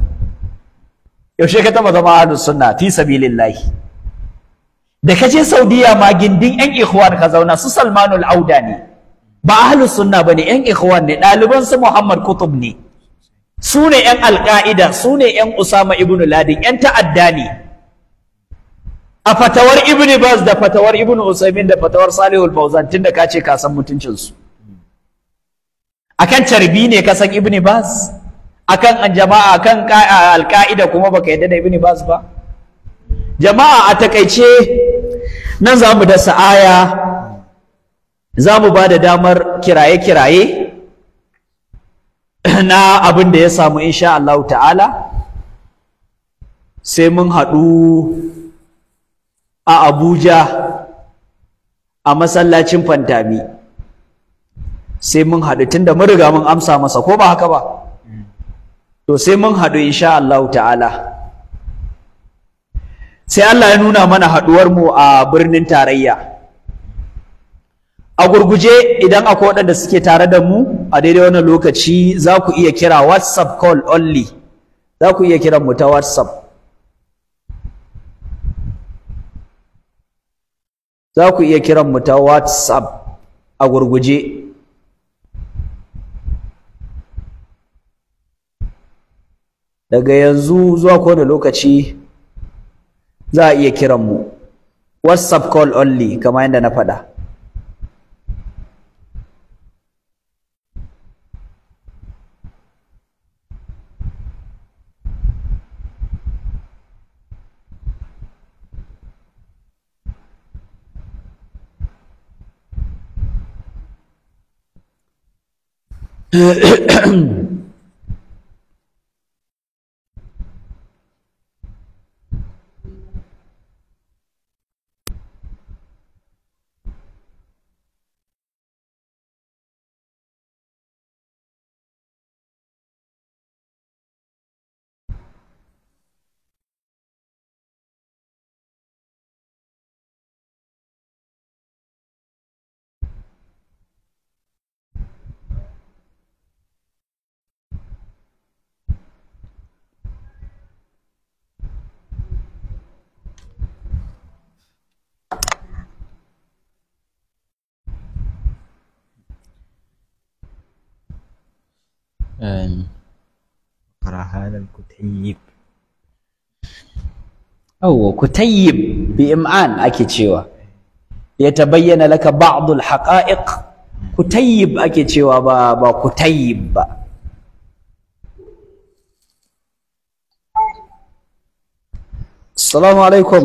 yaushe ka taɓa zama ahlus sunna fi sabilillahi da ka je Saudiya ma gindin yan ikhwan ka zauna su Salmanul Auda ne ba ahlus sunna bane yan ikhwan ne ɗaliban su Muhammad Kutub ne su ne 'yan alƙa'ida su ne 'yan usama ibn ladin 'yan ta'adda ne a fatawar ibn bas da fatawar ibn usaimin da fatawar salihul bauzan tun da ka ce ka san mutuncinsu akan carbi ne kasan san ibn bas akan an jama'a kan alƙa'ida kuma baka yadda da ibn bas ba jama'a a takaice nan za mu dasa aya za mu ba da damar kiraye-kiraye na abin da ya samu insha Allah ta'ala sai mun haɗu a Abuja a masallacin fantami sai mun haɗu tunda mun riga mun amsa masa ko ba haka ba to sai mun haɗu insha Allah ta'ala sai Allah ya nuna mana haɗuwar mu a birnin tarayya a gurguje idan akwai waɗanda suke tare da mu a daidai wannan lokaci za ku iya kira whatsapp call only za ku iya kira mu ta whatsapp za ku iya kira mu ta whatsapp a gurguje daga yanzu zuwa kowane lokaci za a iya kiranmu whatsapp call only kamar yadda na faɗa 咳 اقرا هذا الكتيب أو كتيب بإمعان أكيد يتبين لك بعض الحقائق كتيب أكيد بابا كتيب السلام عليكم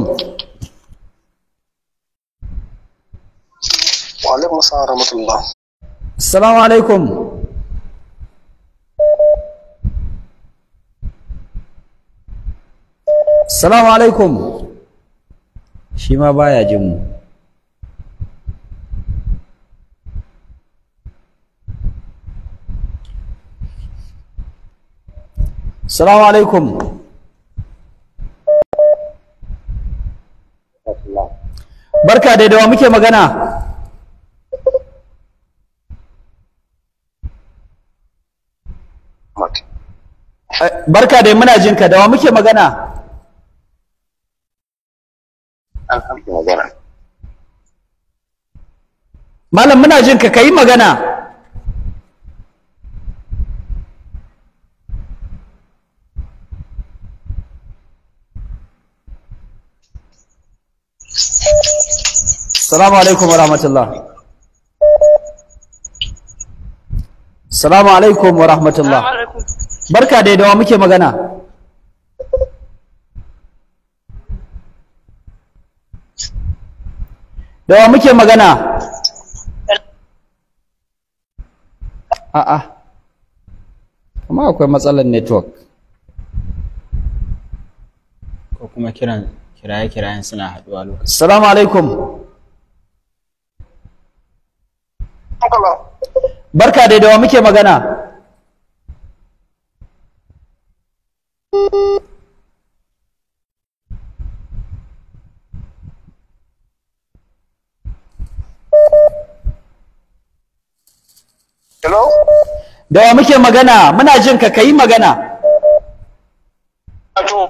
وعليكم السلام ورحمة الله السلام عليكم assalamu alaikum shi ma baya jin mu assalamu alaikum barka dai da muke magana eh, barka dai muna jinka da wa muke magana an magana malam muna jin ka yi magana Salamu alaikum wa rahmatullah. Salamu alaikum wa rahmatullah. Barka dai da wa muke magana. da wa muke magana a'a kuma akwai matsalar network ko kuma kiran kiraye-kirayen suna haduwa lokacin assalamu alaikum barka dai da wa muke magana Hello? Da wa muke magana, muna jin ka kai magana. Ato.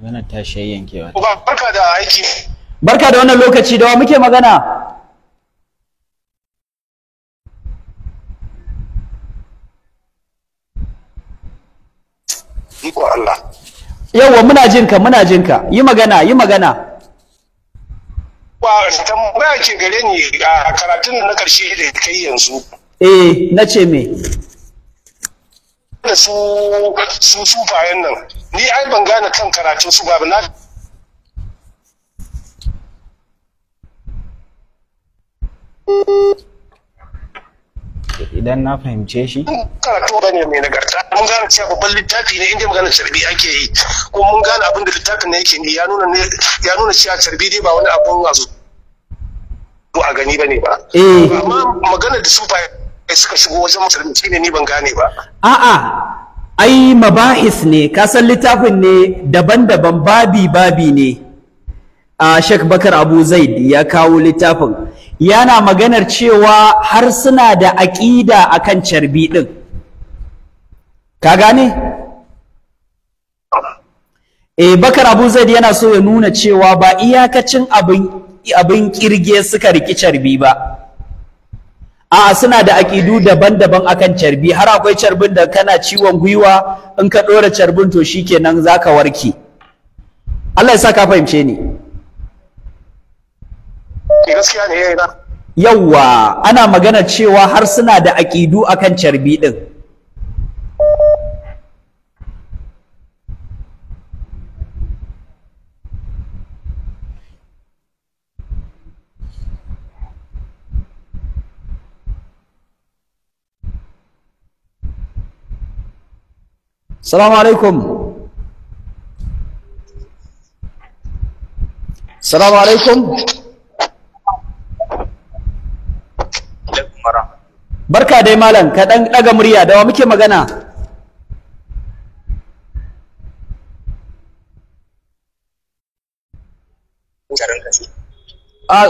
Magana ta shayyankewa. Barka da aiki. Barka da wannan lokaci, da wa muke magana? Iko Allah. Yawwa muna jin ka, muna jin ka. Yi magana, yi magana. ba tambaya ce gare ni a karatun na karshe da kai yanzu eh na ce me da su su sufayen nan ni ai ban gane kan karatun su ba na Thank you. idan na fahimce shi karatu ba ne mai nagarta mun gane cewa babban littafi ne inda magana carbi ake yi ko mun gane abin da littafin ne yake ne ya nuna ne ya nuna cewa carbi dai ba wani abun a a gani ba ne ba eh. amma magana da sufa suka shigo wajen musulunci ne ni ban gane ba a'a ai mabahis ne Ka san littafin ne daban-daban babi babi ne a ah, shek bakar abu zaid ya kawo littafin yana maganar cewa har suna da aƙida a kan carbi ɗin ka gane e bakar abu zaid yana so ya nuna cewa ba iyakacin abin ƙirge suka riki carbi ba a suna da aƙidu daban-daban akan carbi har akwai carbin da kana ciwon gwiwa in ka ɗora carbin to shi shikenan zaka warke Allah ya sa ka fahimce ni gaskiya ne yayi eh, na yawwa ana magana cewa har suna da aƙidu akan carbi ɗin Salamu alaikum. Salamu alaikum. barka dai malam ka dan daga murya da wa muke magana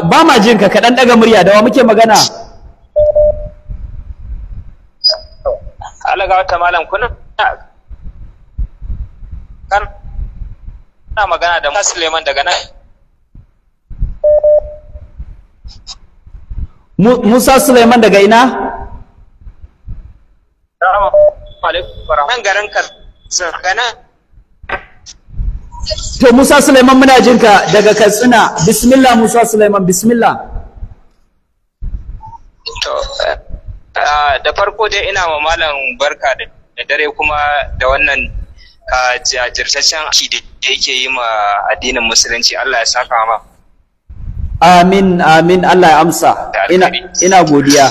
ba ma jin ka ka dan ɗaga murya da wa muke magana Allah ga wata malam kuna kan na magana da Musliman daga nan Musa Suleiman daga ina? nan garin katsina to Musa Suleiman muna jin ka daga katsina bismillah Musa Suleiman bismillah to eh, ah, da farko dai ina ma malam barka da dare kuma da wannan ah, jajirtaccen aki da yake yi ma addinin musulunci Allah ya saka ma amin amin Allah ya amsa ina godiya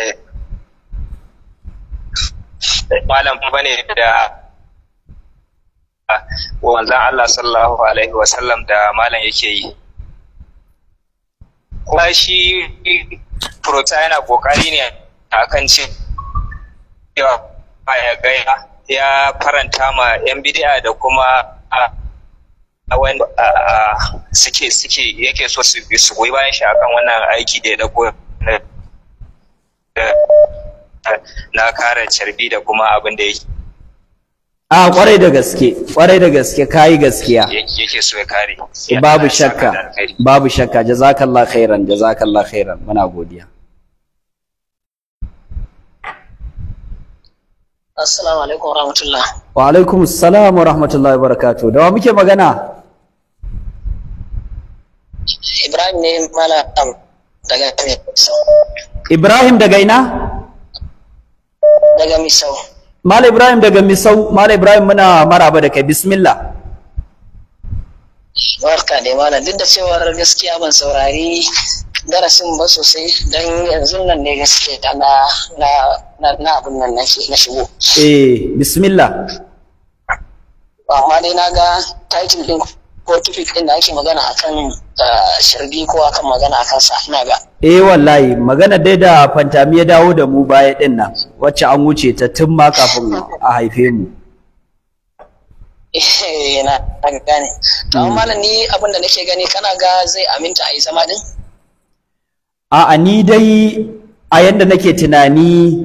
eh, malam bane da wanzan Allah sallallahu alaihi wasallam da malam yake yi kuma shi prota yana kokari ne akan ce ya gaya ya faranta ma yan bidiya da kuma wanda suke suke yake so su goyi bayan shi akan wannan aiki da ya dauko na kare carbi da kuma abin da yake a kwarai da gaske kwarai da gaske kayi gaskiya yake so ya kare eh, babu shakka babu shakka jazakallah khairan jazakallah khairan muna godiya Assalamu alaikum wa rahmatullah. Wa alaikum assalam wa rahmatullahi wa barakatuh. Da wa muke magana? Ibrahim ne malam daga Ibrahim daga ina? daga Misau. Mala Ibrahim daga Misau, Mala Ibrahim muna maraba da kai, bismillah. Barka da mana duk da cewar gaskiya ban saurari darasin ba sosai don yanzu nan ne gaskiya na na na abin nan na shigo. Eh, bismillah. ba Amma dai na ga title din ko tufik din da ake magana kan eh, shirgi ko kan magana a sa ina ga eh wallahi magana dai da fantami ya dawo da mu baya ɗin nan wacce an wuce ta tun ma kafin a haife mu eh na ga gane to hmm. malam ni abin da nake gani kana ga zai aminta a yi zama din a'a ni dai a yanda nake tunani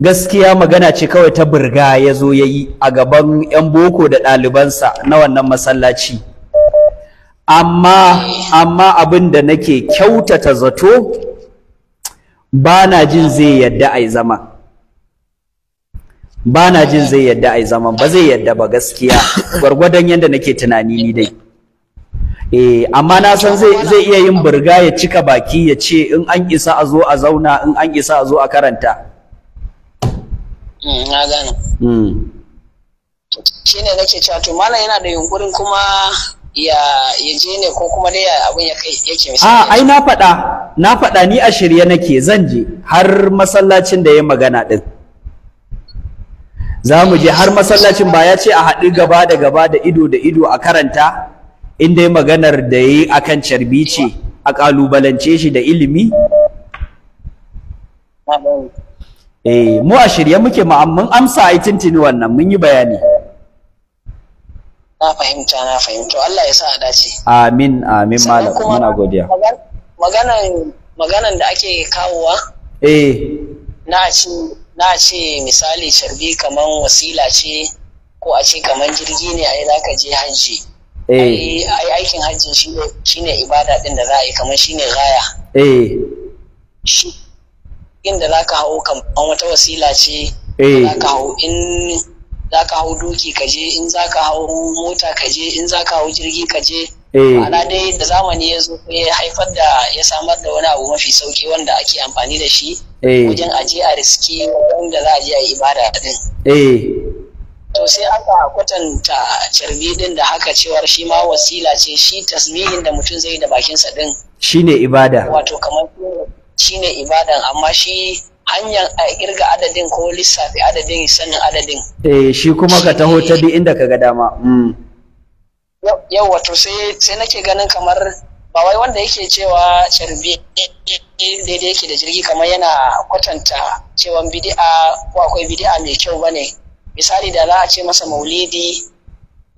gaskiya magana ce kawai ta burga ya zo ya yi a gaban 'yan boko da ɗalibansa na wannan masallaci amma amma abin da nake kyautata zato ba na jin zai yadda a zama ba na jin zai yadda a zama. ba zai yadda ba gaskiya gwargwadon yadda nake tunani ni dai eh amma na san zai zai iya yin burga ya cika baki ya ce in an isa a zo a zauna in an isa a zo a karanta Mm, na gane mm. shi ne nake cewa to malam yana da yunkurin kuma ya ya je ne ko kuma dai abin ya kai yake misali a ah, ai na faɗa na faɗa ni a shirye nake zan je har masallacin da ya magana din za mu je har masallacin ba ya ce a haɗu gaba da gaba da ido da ido a karanta in dai maganar da ya yi akan carbi ce a ƙalubalance shi da ilimi eh mu a shirye muke mu mun amsa ai tintini wannan mun yi bayani na fahimta na fahimta Allah ya sa a dace amin amin malam muna godiya maganan maganan da ake kawowa eh na ce na ce misali sharbi kaman wasila ce ko a ce kaman jirgi ne ai zaka je hajji eh aikin hajji shine shine ibada din da za a yi kaman shine gaya eh da za ka hau kan wata wasila ce eh. za ka hau in za ka hau doki ka je in za ka hau mota ka je in za ka hau jirgi ka je eh. ana dai da zamani ya zo ya haifar da ya samar da wani abu mafi sauki wanda ake amfani da shi eh. wajen aje a riski wanda za a je a yi ibada din to sai aka kwatanta carbi din da haka cewar shi ma wasila ce shi tasbihin da mutum zai yi da bakinsa din shine ibada wato kamar shine ibadan amma shi hanyar a kirga adadin ko lissafi adadin sanin adadin eh shi kuma ka taho ta bi inda ka ga dama mm. yau wato sai nake ganin kamar ba wai wanda yake cewa carbi daidai yake da jirgi kamar yana kwatanta cewa bidi'a ko akwai bidi'a mai kyau bane misali da za a ce masa maulidi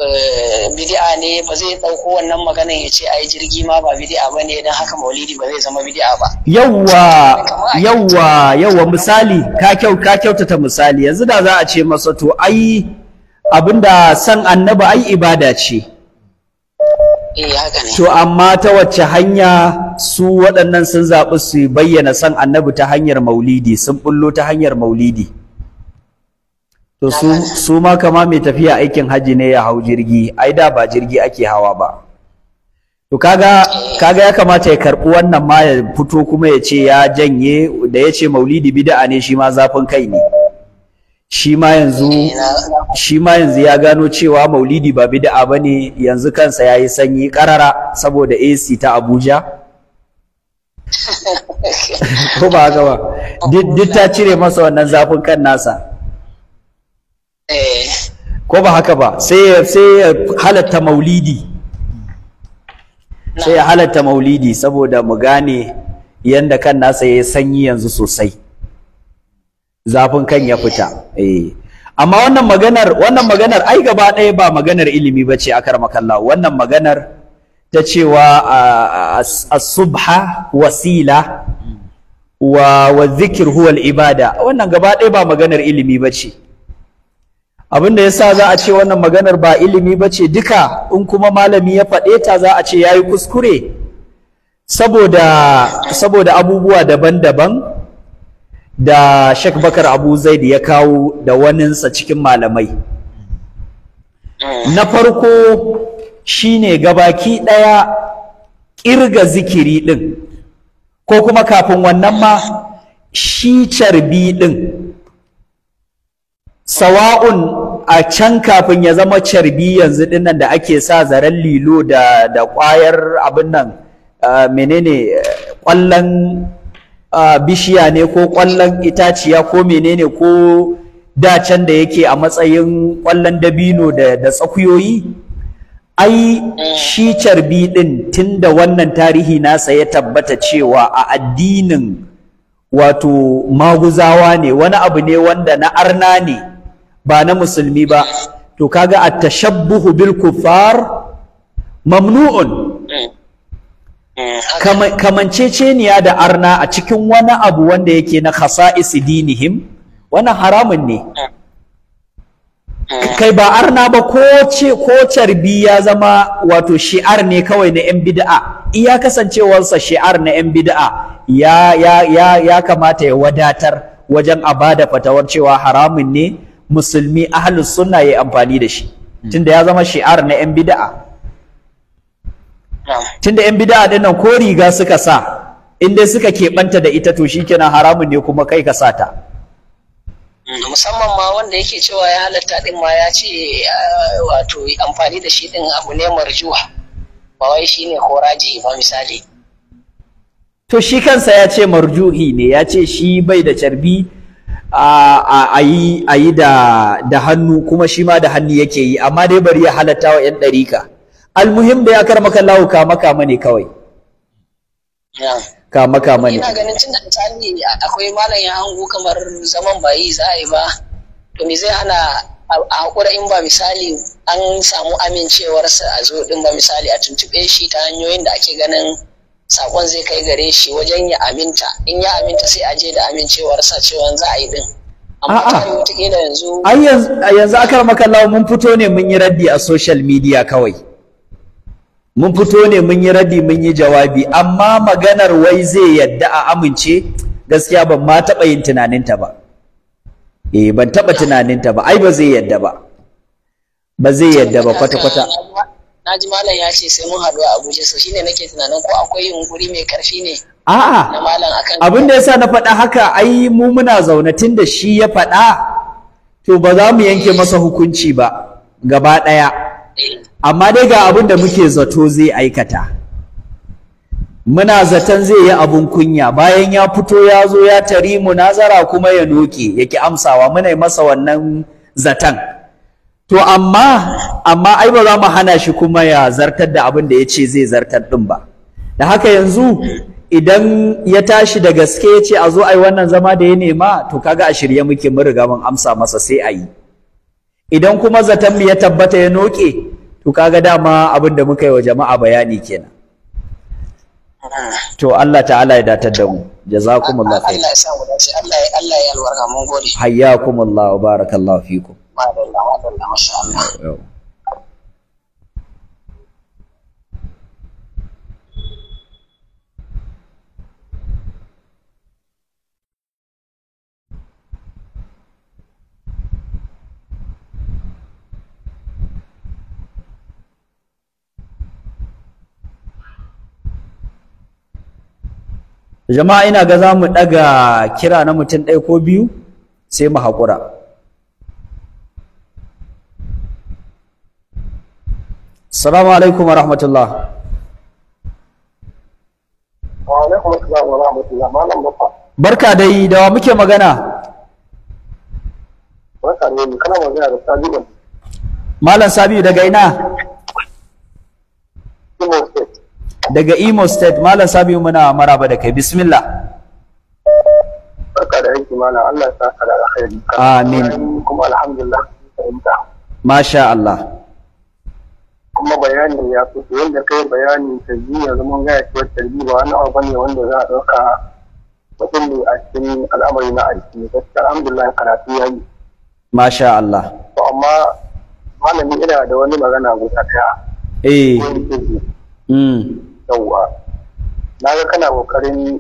Eh, Bidi'a ne ba zai ɗauko wannan maganin ya ce ai jirgi ma ba Bidi'a ba ne don haka maulidi ba zai zama Bidi'a ba. Yawwa yawwa yawwa misali ka kyau ka misali yanzu da za a ce masa to ai abinda san annabi ai ibada ce. Eh, to amma ta wacce hanya su waɗannan sun zaɓi su bayyana san annabi ta hanyar maulidi sun bullo ta hanyar maulidi. to su ma kama mai tafiya aikin hajji ne ya hau jirgi ai da ba jirgi ake hawa ba to kaga ya kamata ya karɓi wannan ma ya fito kuma ya ce ya janye da ya ce maulidi bid'a ne shi ma zafin kai ne shi ma yanzu ya gano cewa maulidi ba bid'a ne yanzu kansa ya yi sanyi karara saboda AC ta Abuja ko ba haka ba duk ta cire masa wannan zafin kan nasa ko ba haka ba sai ya halatta maulidi sai ya halatta maulidi saboda mu gane yanda kan nasa ya sanyi yanzu sosai zafin kan ya fita eh. amma wannan maganar wannan maganar ai gaba ɗaya ba maganar ilimi bace karama makalla wannan maganar ta cewa a subha wasila wa wa ibada wannan gaba ɗaya ba maganar ilimi bace abin da yasa za a ce wannan maganar ba ilimi ba ce duka in kuma malami ya faɗe ta za a ce ya yi kuskure saboda saboda abubuwa daban-daban da Sheikh Bakar Abu Zaid ya kawo da waninsa cikin malamai na farko shine gabaki ɗaya ƙirga zikiri ɗin ko kuma kafin wannan ma shi carbi ɗin sawa'un a can kafin ya zama carbi yanzu dinnan da ake sa zaren lilo da da kwayar abin nan menene kwallon bishiya ne ko kwallon itaciya ko menene ko dacen da yake a matsayin kwallon dabino da da tsakuyoyi ai shi carbi din tunda wannan tarihi nasa ya tabbata cewa a addinin wato maguzawa ne wani abu ne wanda na arna ne ba na musulmi ba to kaga a tashabbuhu bil kufar mamnu'un kamanceceniya da arna a cikin wani abu wanda yake na khasa'is dinihim wannan haramun ne kai ba arna ba ko ce ko carbi ya zama wato shi'ar ne kawai na yan bid'a iya kasancewarsa shi'ar na yan bid'a ya ya ya kamata ya wadatar wajen abada fatawar cewa haramun ne musulmi ahalus sunna yi amfani da shi tunda ya zama shi'ar na yan bida'a. tunda yan bida'a din nan ko riga suka sa in dai suka keɓanta da ita to shikenan haramun ne kuma kai ka sata mm, musamman ma wanda yake cewa ya halatta din ma ya ce ah, wato amfani da shi din abu ne marjuwa ba wai shine horaji ba misali to shi kansa ya ce marjuhi ne ya ce shi bai da carbi a yi a yi da hannu kuma shi ma da hannu yake yi amma dai bari ya halatta wa yan ɗarika almuhim da ya karma kallahu kama kama ne kawai kama kama ne ina ganin tun da ne. akwai malam ya hango kamar zaman ba yi za a yi ba to me zai hana a hakura in ba misali an samu amincewarsa a zo din ba misali a tuntuɓe shi ta hanyoyin da ake ganin sakon zai kai gare shi wajen ya aminta in ya aminta sai a je da sa cewa za a yi din amma yanzu yanzu akar makallawa mun fito ne mun yi raddi a social media kawai mun fito ne mun yi raddi mun yi jawabi amma maganar wai zai yadda a amince gaskiya ban ma taɓa yin tunaninta ba eh ban taɓa tunaninta ba ai ba zai yadda ba ba zai yadda ba kwata-kwata na ji malam ya ce sai mun haɗu a abuja so shine nake tunanin ko akwai yunkuri mai karfi ne a'a abin da yasa na faɗa haka ai mu muna zaune tun da shi ya faɗa to ba za mu yanke eh. masa hukunci ba gaba ɗaya eh. amma dai ga abin da muke zato zai aikata muna zaton zai yi abun kunya bayan ya fito ya zo ya tari mu, munazara kuma ya noke yake amsawa muna yi masa wannan zaton to amma amma ai ba za mu hana shi kuma ya zartar da abin da ya ce zai zartar ɗin ba da haka yanzu idan ya tashi da gaske ya ce a zo a wannan zama da ya nema to kaga a shirye muke mun riga mun amsa masa sai a yi idan kuma zaton ya tabbata ya noke to kaga dama abin da muka yi wa jama'a bayani kenan to Allah ta'ala ya datar da mu jazakumullahu khairan. Allah ya sa mu dace Allah ya Allah ya alwarka mun gode hayyakumullahu barakallahu fikum jama'a ina ga za mu ɗaga kira na mutum ɗaya ko biyu sai mu haƙura السلام عليكم ورحمة الله وعليكم السلام ورحمة الله barka dai da wa muke magana barka da da Sabiu Malam Sabiu daga ina daga Imo State Malam Sabiu muna maraba da kai bismillah barka da yanki malam Allah ya saka da amin kuma alhamdulillah masha Allah kuma bayanin ya fito wanda kai bayanin tarbiyya zaman gaya cewa tarbiyya ba wani abu ne wanda za a ɗauka mutum ne a cikin al'amari na aiki gaskiya alhamdulillah karatu ya yi masha Allah to amma malami ina da wani magana guda ɗaya eh mm. yawwa na ga kana kokarin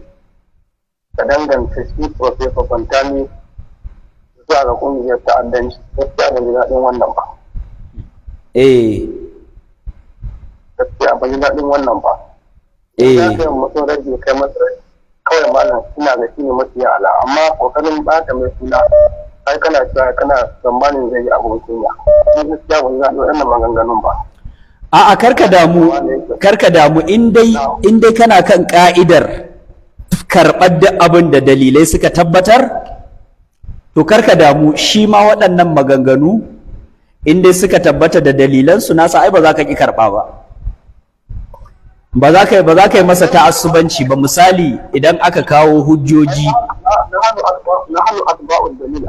ka danganta shi kwanta ne zuwa ga kungiyar ta'addanci gaskiya ban a wannan ba eh gaskiya ban ji daɗin wannan ba eh ya kai mutum rage kai masa kawai malam ina ga shine mafi ala amma kokarin ba ta mai suna ai kana cewa kana tsammanin zai yi abokin ya ni gaskiya ban ji daɗin wannan maganganun ba a'a karka damu karka damu in dai in dai kana kan ka'idar karɓar duk abin da dalilai suka tabbatar to karka damu shi ma waɗannan maganganu in dai suka tabbata da dalilansu nasa ai ba za ka ƙi karɓa ba ba za ka ba za ka yi masa ta'assubanci ba misali idan aka kawo hujjoji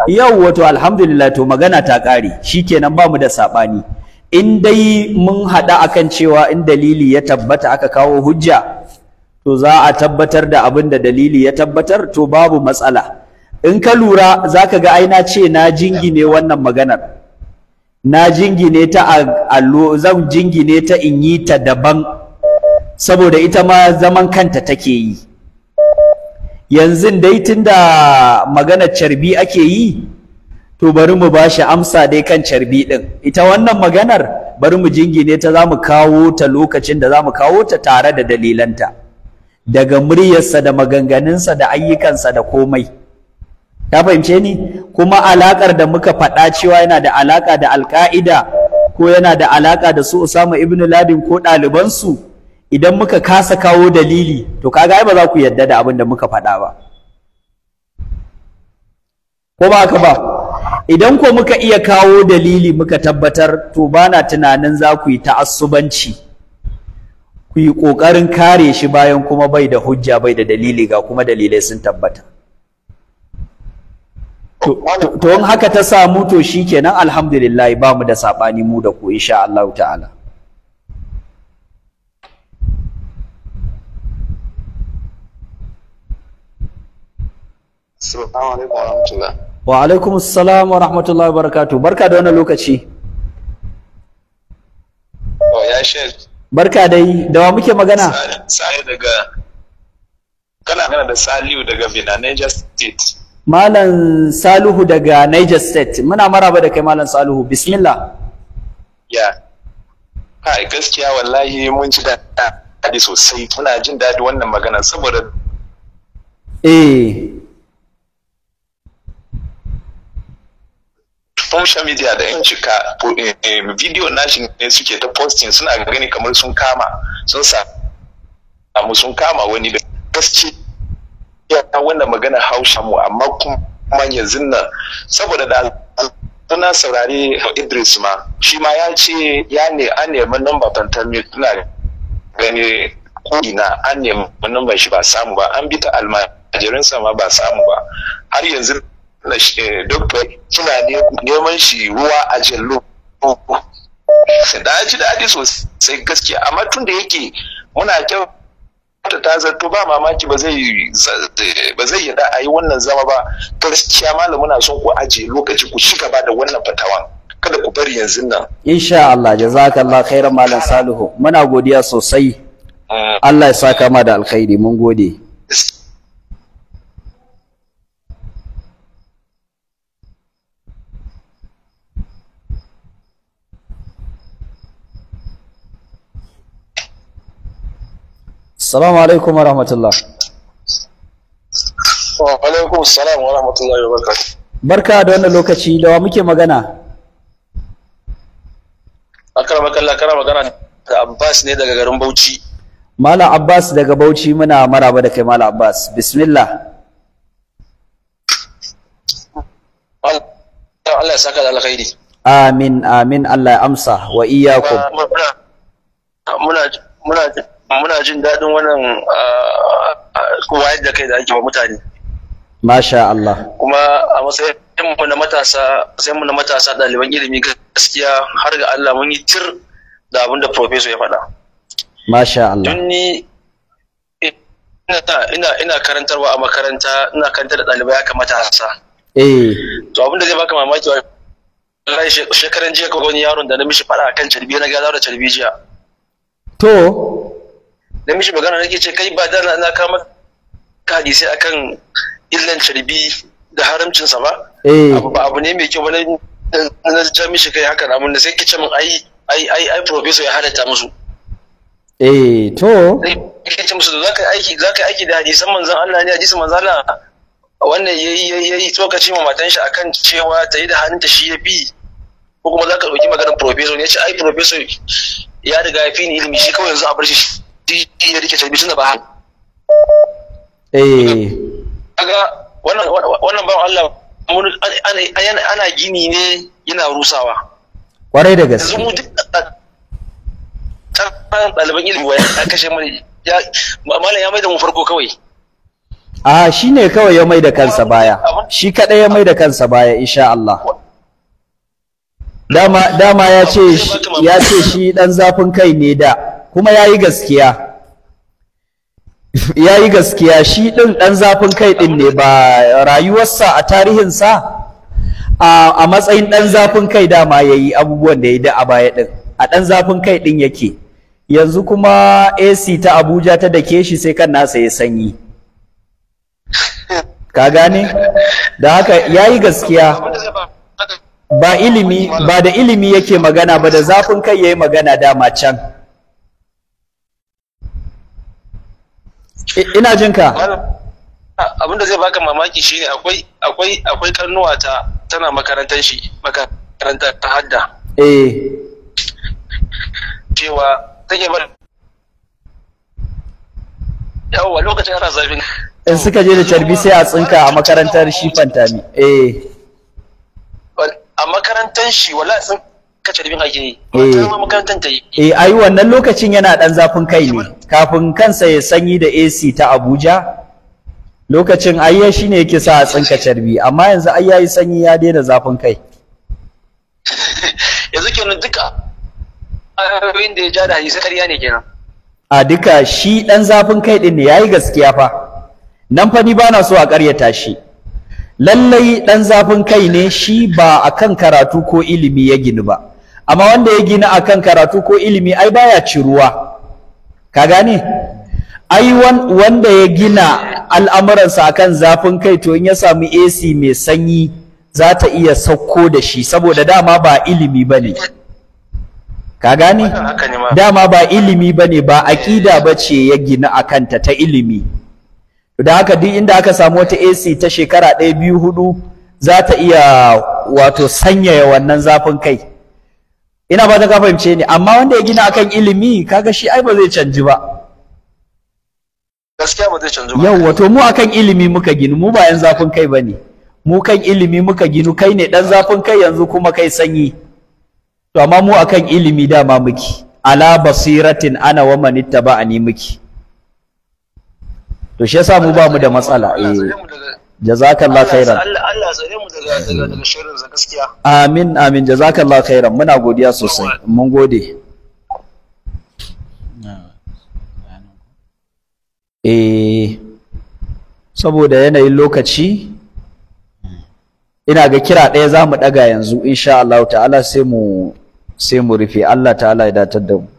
yau wato alhamdulillah to magana ta kare shikenan ba mu da sabani in dai mun hada akan cewa in dalili ya tabbata aka kawo hujja to za a tabbatar da abin da dalili ya tabbatar to babu matsala in ka lura za ka ga aina ce na jingine wannan maganar na jingine ta allo zan jingine ta in yi ta daban saboda ita ma zaman kanta take yi yanzu dai tunda magana carbi ake yi to bari mu bashi amsa dai kan carbi din ita wannan maganar bari mu jingine ta zamu kawo ta lokacin da zamu kawo ta tare da dalilanta daga muryarsa da maganganunsa da ayyukansa da komai ta fahimce ni kuma alakar da muka faɗa cewa yana da alaka da alka'ida ko yana da alaka da su Usama ibn Ladin ko ɗalibansu idan muka kasa kawo dalili to kaga ai ba za ku yarda da abin da muka faɗa ba ko ba haka ba idan ko muka iya kawo dalili muka tabbatar to bana tunanin za ku yi ta'assubanci ku yi ƙoƙarin kare shi bayan kuma bai da hujja bai da dalili ga kuma dalilai sun tabbata to in haka ta samu to shikenan alhamdulillah ba mu da saɓani mu da ku insha Allah ta'ala Wa alaikum salam wa rahmatullahi wa barakatu. Barka da wannan lokaci. Oh, ya shek. Barka dai, da wa muke magana? Sale daga kana gana da Saliu daga Bina Niger State. Malam Salihu daga Niger State. Muna maraba da kai Malam Salihu. Bismillah. Ya. Kai gaskiya wallahi mun ji daɗi sosai. Muna jin daɗi wannan magana saboda Eh. social media da yan cika eh, video nashin ne suke ta posting suna gani kamar sun kama sun samu sun kama wani da gaske ya wannan magana hausha mu amma kuma yanzu nan saboda da suna saurari Idris ma shi ma ya ce ya ne an nemi namba tantalmi tana gani na an nemi number shi ba samu ba an bi ta almajirinsa ma ba samu ba har yanzu na eh, dubbai suna neman shi ruwa a jallo ji daɗi sosai gaskiya amma tun da yake muna kyauta ta zato, ba mamaki ba zai yada a yi wannan zama ba gaskiya malam muna son ku aje lokaci ku ci gaba da wannan fatawa. kada ku bari yanzu nan insha Allah jazakallah khairan malam salihu muna godiya sosai eh. Allah ya saka ma da alkhairi mun gode Salamu alaikum wa rahmatullah. Wa alaikum salam wa rahmatullah wa barakatuh. Barka da wannan lokaci da wa muke magana? Akara makalla kana magana da Abbas ne daga garin Bauchi. Malam Abbas daga Bauchi muna maraba da kai Malam Abbas. Bismillah. Allah ya saka da alkhairi. Amin amin Allah ya amsa wa iyyakum. Muna muna muna jin daɗin wannan wayar da kai da ake wa mutane masha Allah kuma a matsayin mu na matasa sai mu na matasa ɗaliban ilimi gaskiya har ga Allah mun yi tir da abin da professor ya faɗa masha Allah tun ni ina ina karantarwa a makaranta ina karantar da ɗalibai haka matasa eh to abin da zai baka mamaki wallahi shekaran jiya ko wani yaron da na mishi faɗa kan carbi na ga da carbi jiya to na mishi magana nake ce kai ba da na kama ka hadisai akan illan carbi da haramcinsa ba eh. abu ne mai kyau wani na ja mishi kai haka na da sai kice min ai ai ai ai professor ya halatta musu eh to kice musu zaka aiki zaka aiki da hadisan manzon Allah ne hadisin manzon Allah wannan yayi yayi tsokaci ma matan shi akan cewa ta yi da hannunta shi ya bi ko kuma zaka dauki maganar professor ne ya ce ai professor ya riga ya fi ni ilimi shi kawai yanzu a bar shi ya rike carbi tunda ba eh kaga wannan wannan bawan Allah ana gini ne yana rusawa kwarai da gaske tsarin ɗaliban ilimi wa ya kashe mani ya malam ya maida mu farko kawai a shi ne kawai ya maida kansa baya shi kaɗai ya maida kansa baya insha Allah dama ya ce shi ɗan zafin kai ne da kuma ya yi gaskiya ya yi gaskiya shi ɗin ɗan zafin kai ɗin ne ba rayuwarsa a tarihinsa a matsayin ɗan zafin kai dama ya yi abubuwan da ya da a baya ɗin a ɗan zafin kai ɗin yake yanzu kuma ac ta abuja ta dake shi sai kan nasa ya sanyi ka gane da haka ya yi gaskiya ba ba da ilimi yake magana ba da zafin kai ya yi magana dama can Eh, ina jin ka abin da zai baka mamaki shine akwai akwai akwai karnuwa ta tana makarantar shi makarantar ta hadda eh cewa take bar yawwa lokacin ana zafin in suka je da carbi sai a tsinka a makarantar shi fantami eh a makarantar shi wala sun ka tarbin ake eh. yi wata makarantar ta yi eh ai wannan lokacin yana dan zafin kai ne kafin kansa ya sanyi da AC ta Abuja lokacin ayya shine yake sa a tsinka carbi amma yanzu ai yayi sanyi ya daina zafin kai yanzu kenan duka ayoyin da ya ja da hadisi ƙarya ne kenan a duka shi dan zafin kai din ne yayi gaskiya fa nan fa ni bana so a ƙaryata shi lallai dan zafin kai ne shi ba akan karatu ko ilimi ya gini ba amma wanda ya gina akan karatu ko ilimi ai baya ciruwa ka gane ai wanda ya gina al'amuransa akan zafin kai to in ya samu AC mai sanyi za ta iya sauko da shi saboda dama ba ilimi ba ne. ka gane dama ba ilimi ba ne, ba ba ce ya gina a kanta ta ilimi da haka duk inda aka samu wata AC ta shekara ɗaya biyu hudu za ta iya wato sanyaya wannan zafin kai ina ba ta ka fahimce ni amma wanda ya gina akan ilimi kaga shi ai ba zai canji ba gaskiya ba zai canji ba yawa to mu akan ilimi muka ginu mu ba yan zafin kai bane mu kan ilimi muka ginu kai ne dan zafin kai yanzu kuma kai sanyi to amma mu akan ilimi dama muke ala basiratin ana wa man ittaba'ani muke to shi yasa mu ba mu da matsala eh jazakallah khairan Allah tsare mu daga daga shirin za gaskiya amin amin jazakallah khairan muna godiya sosai mun gode eh saboda yanayin lokaci ina ga kira ɗaya za mu ɗaga yanzu insha Allah ta'ala sai mu sai mu rufe Allah ta'ala ya datar da mu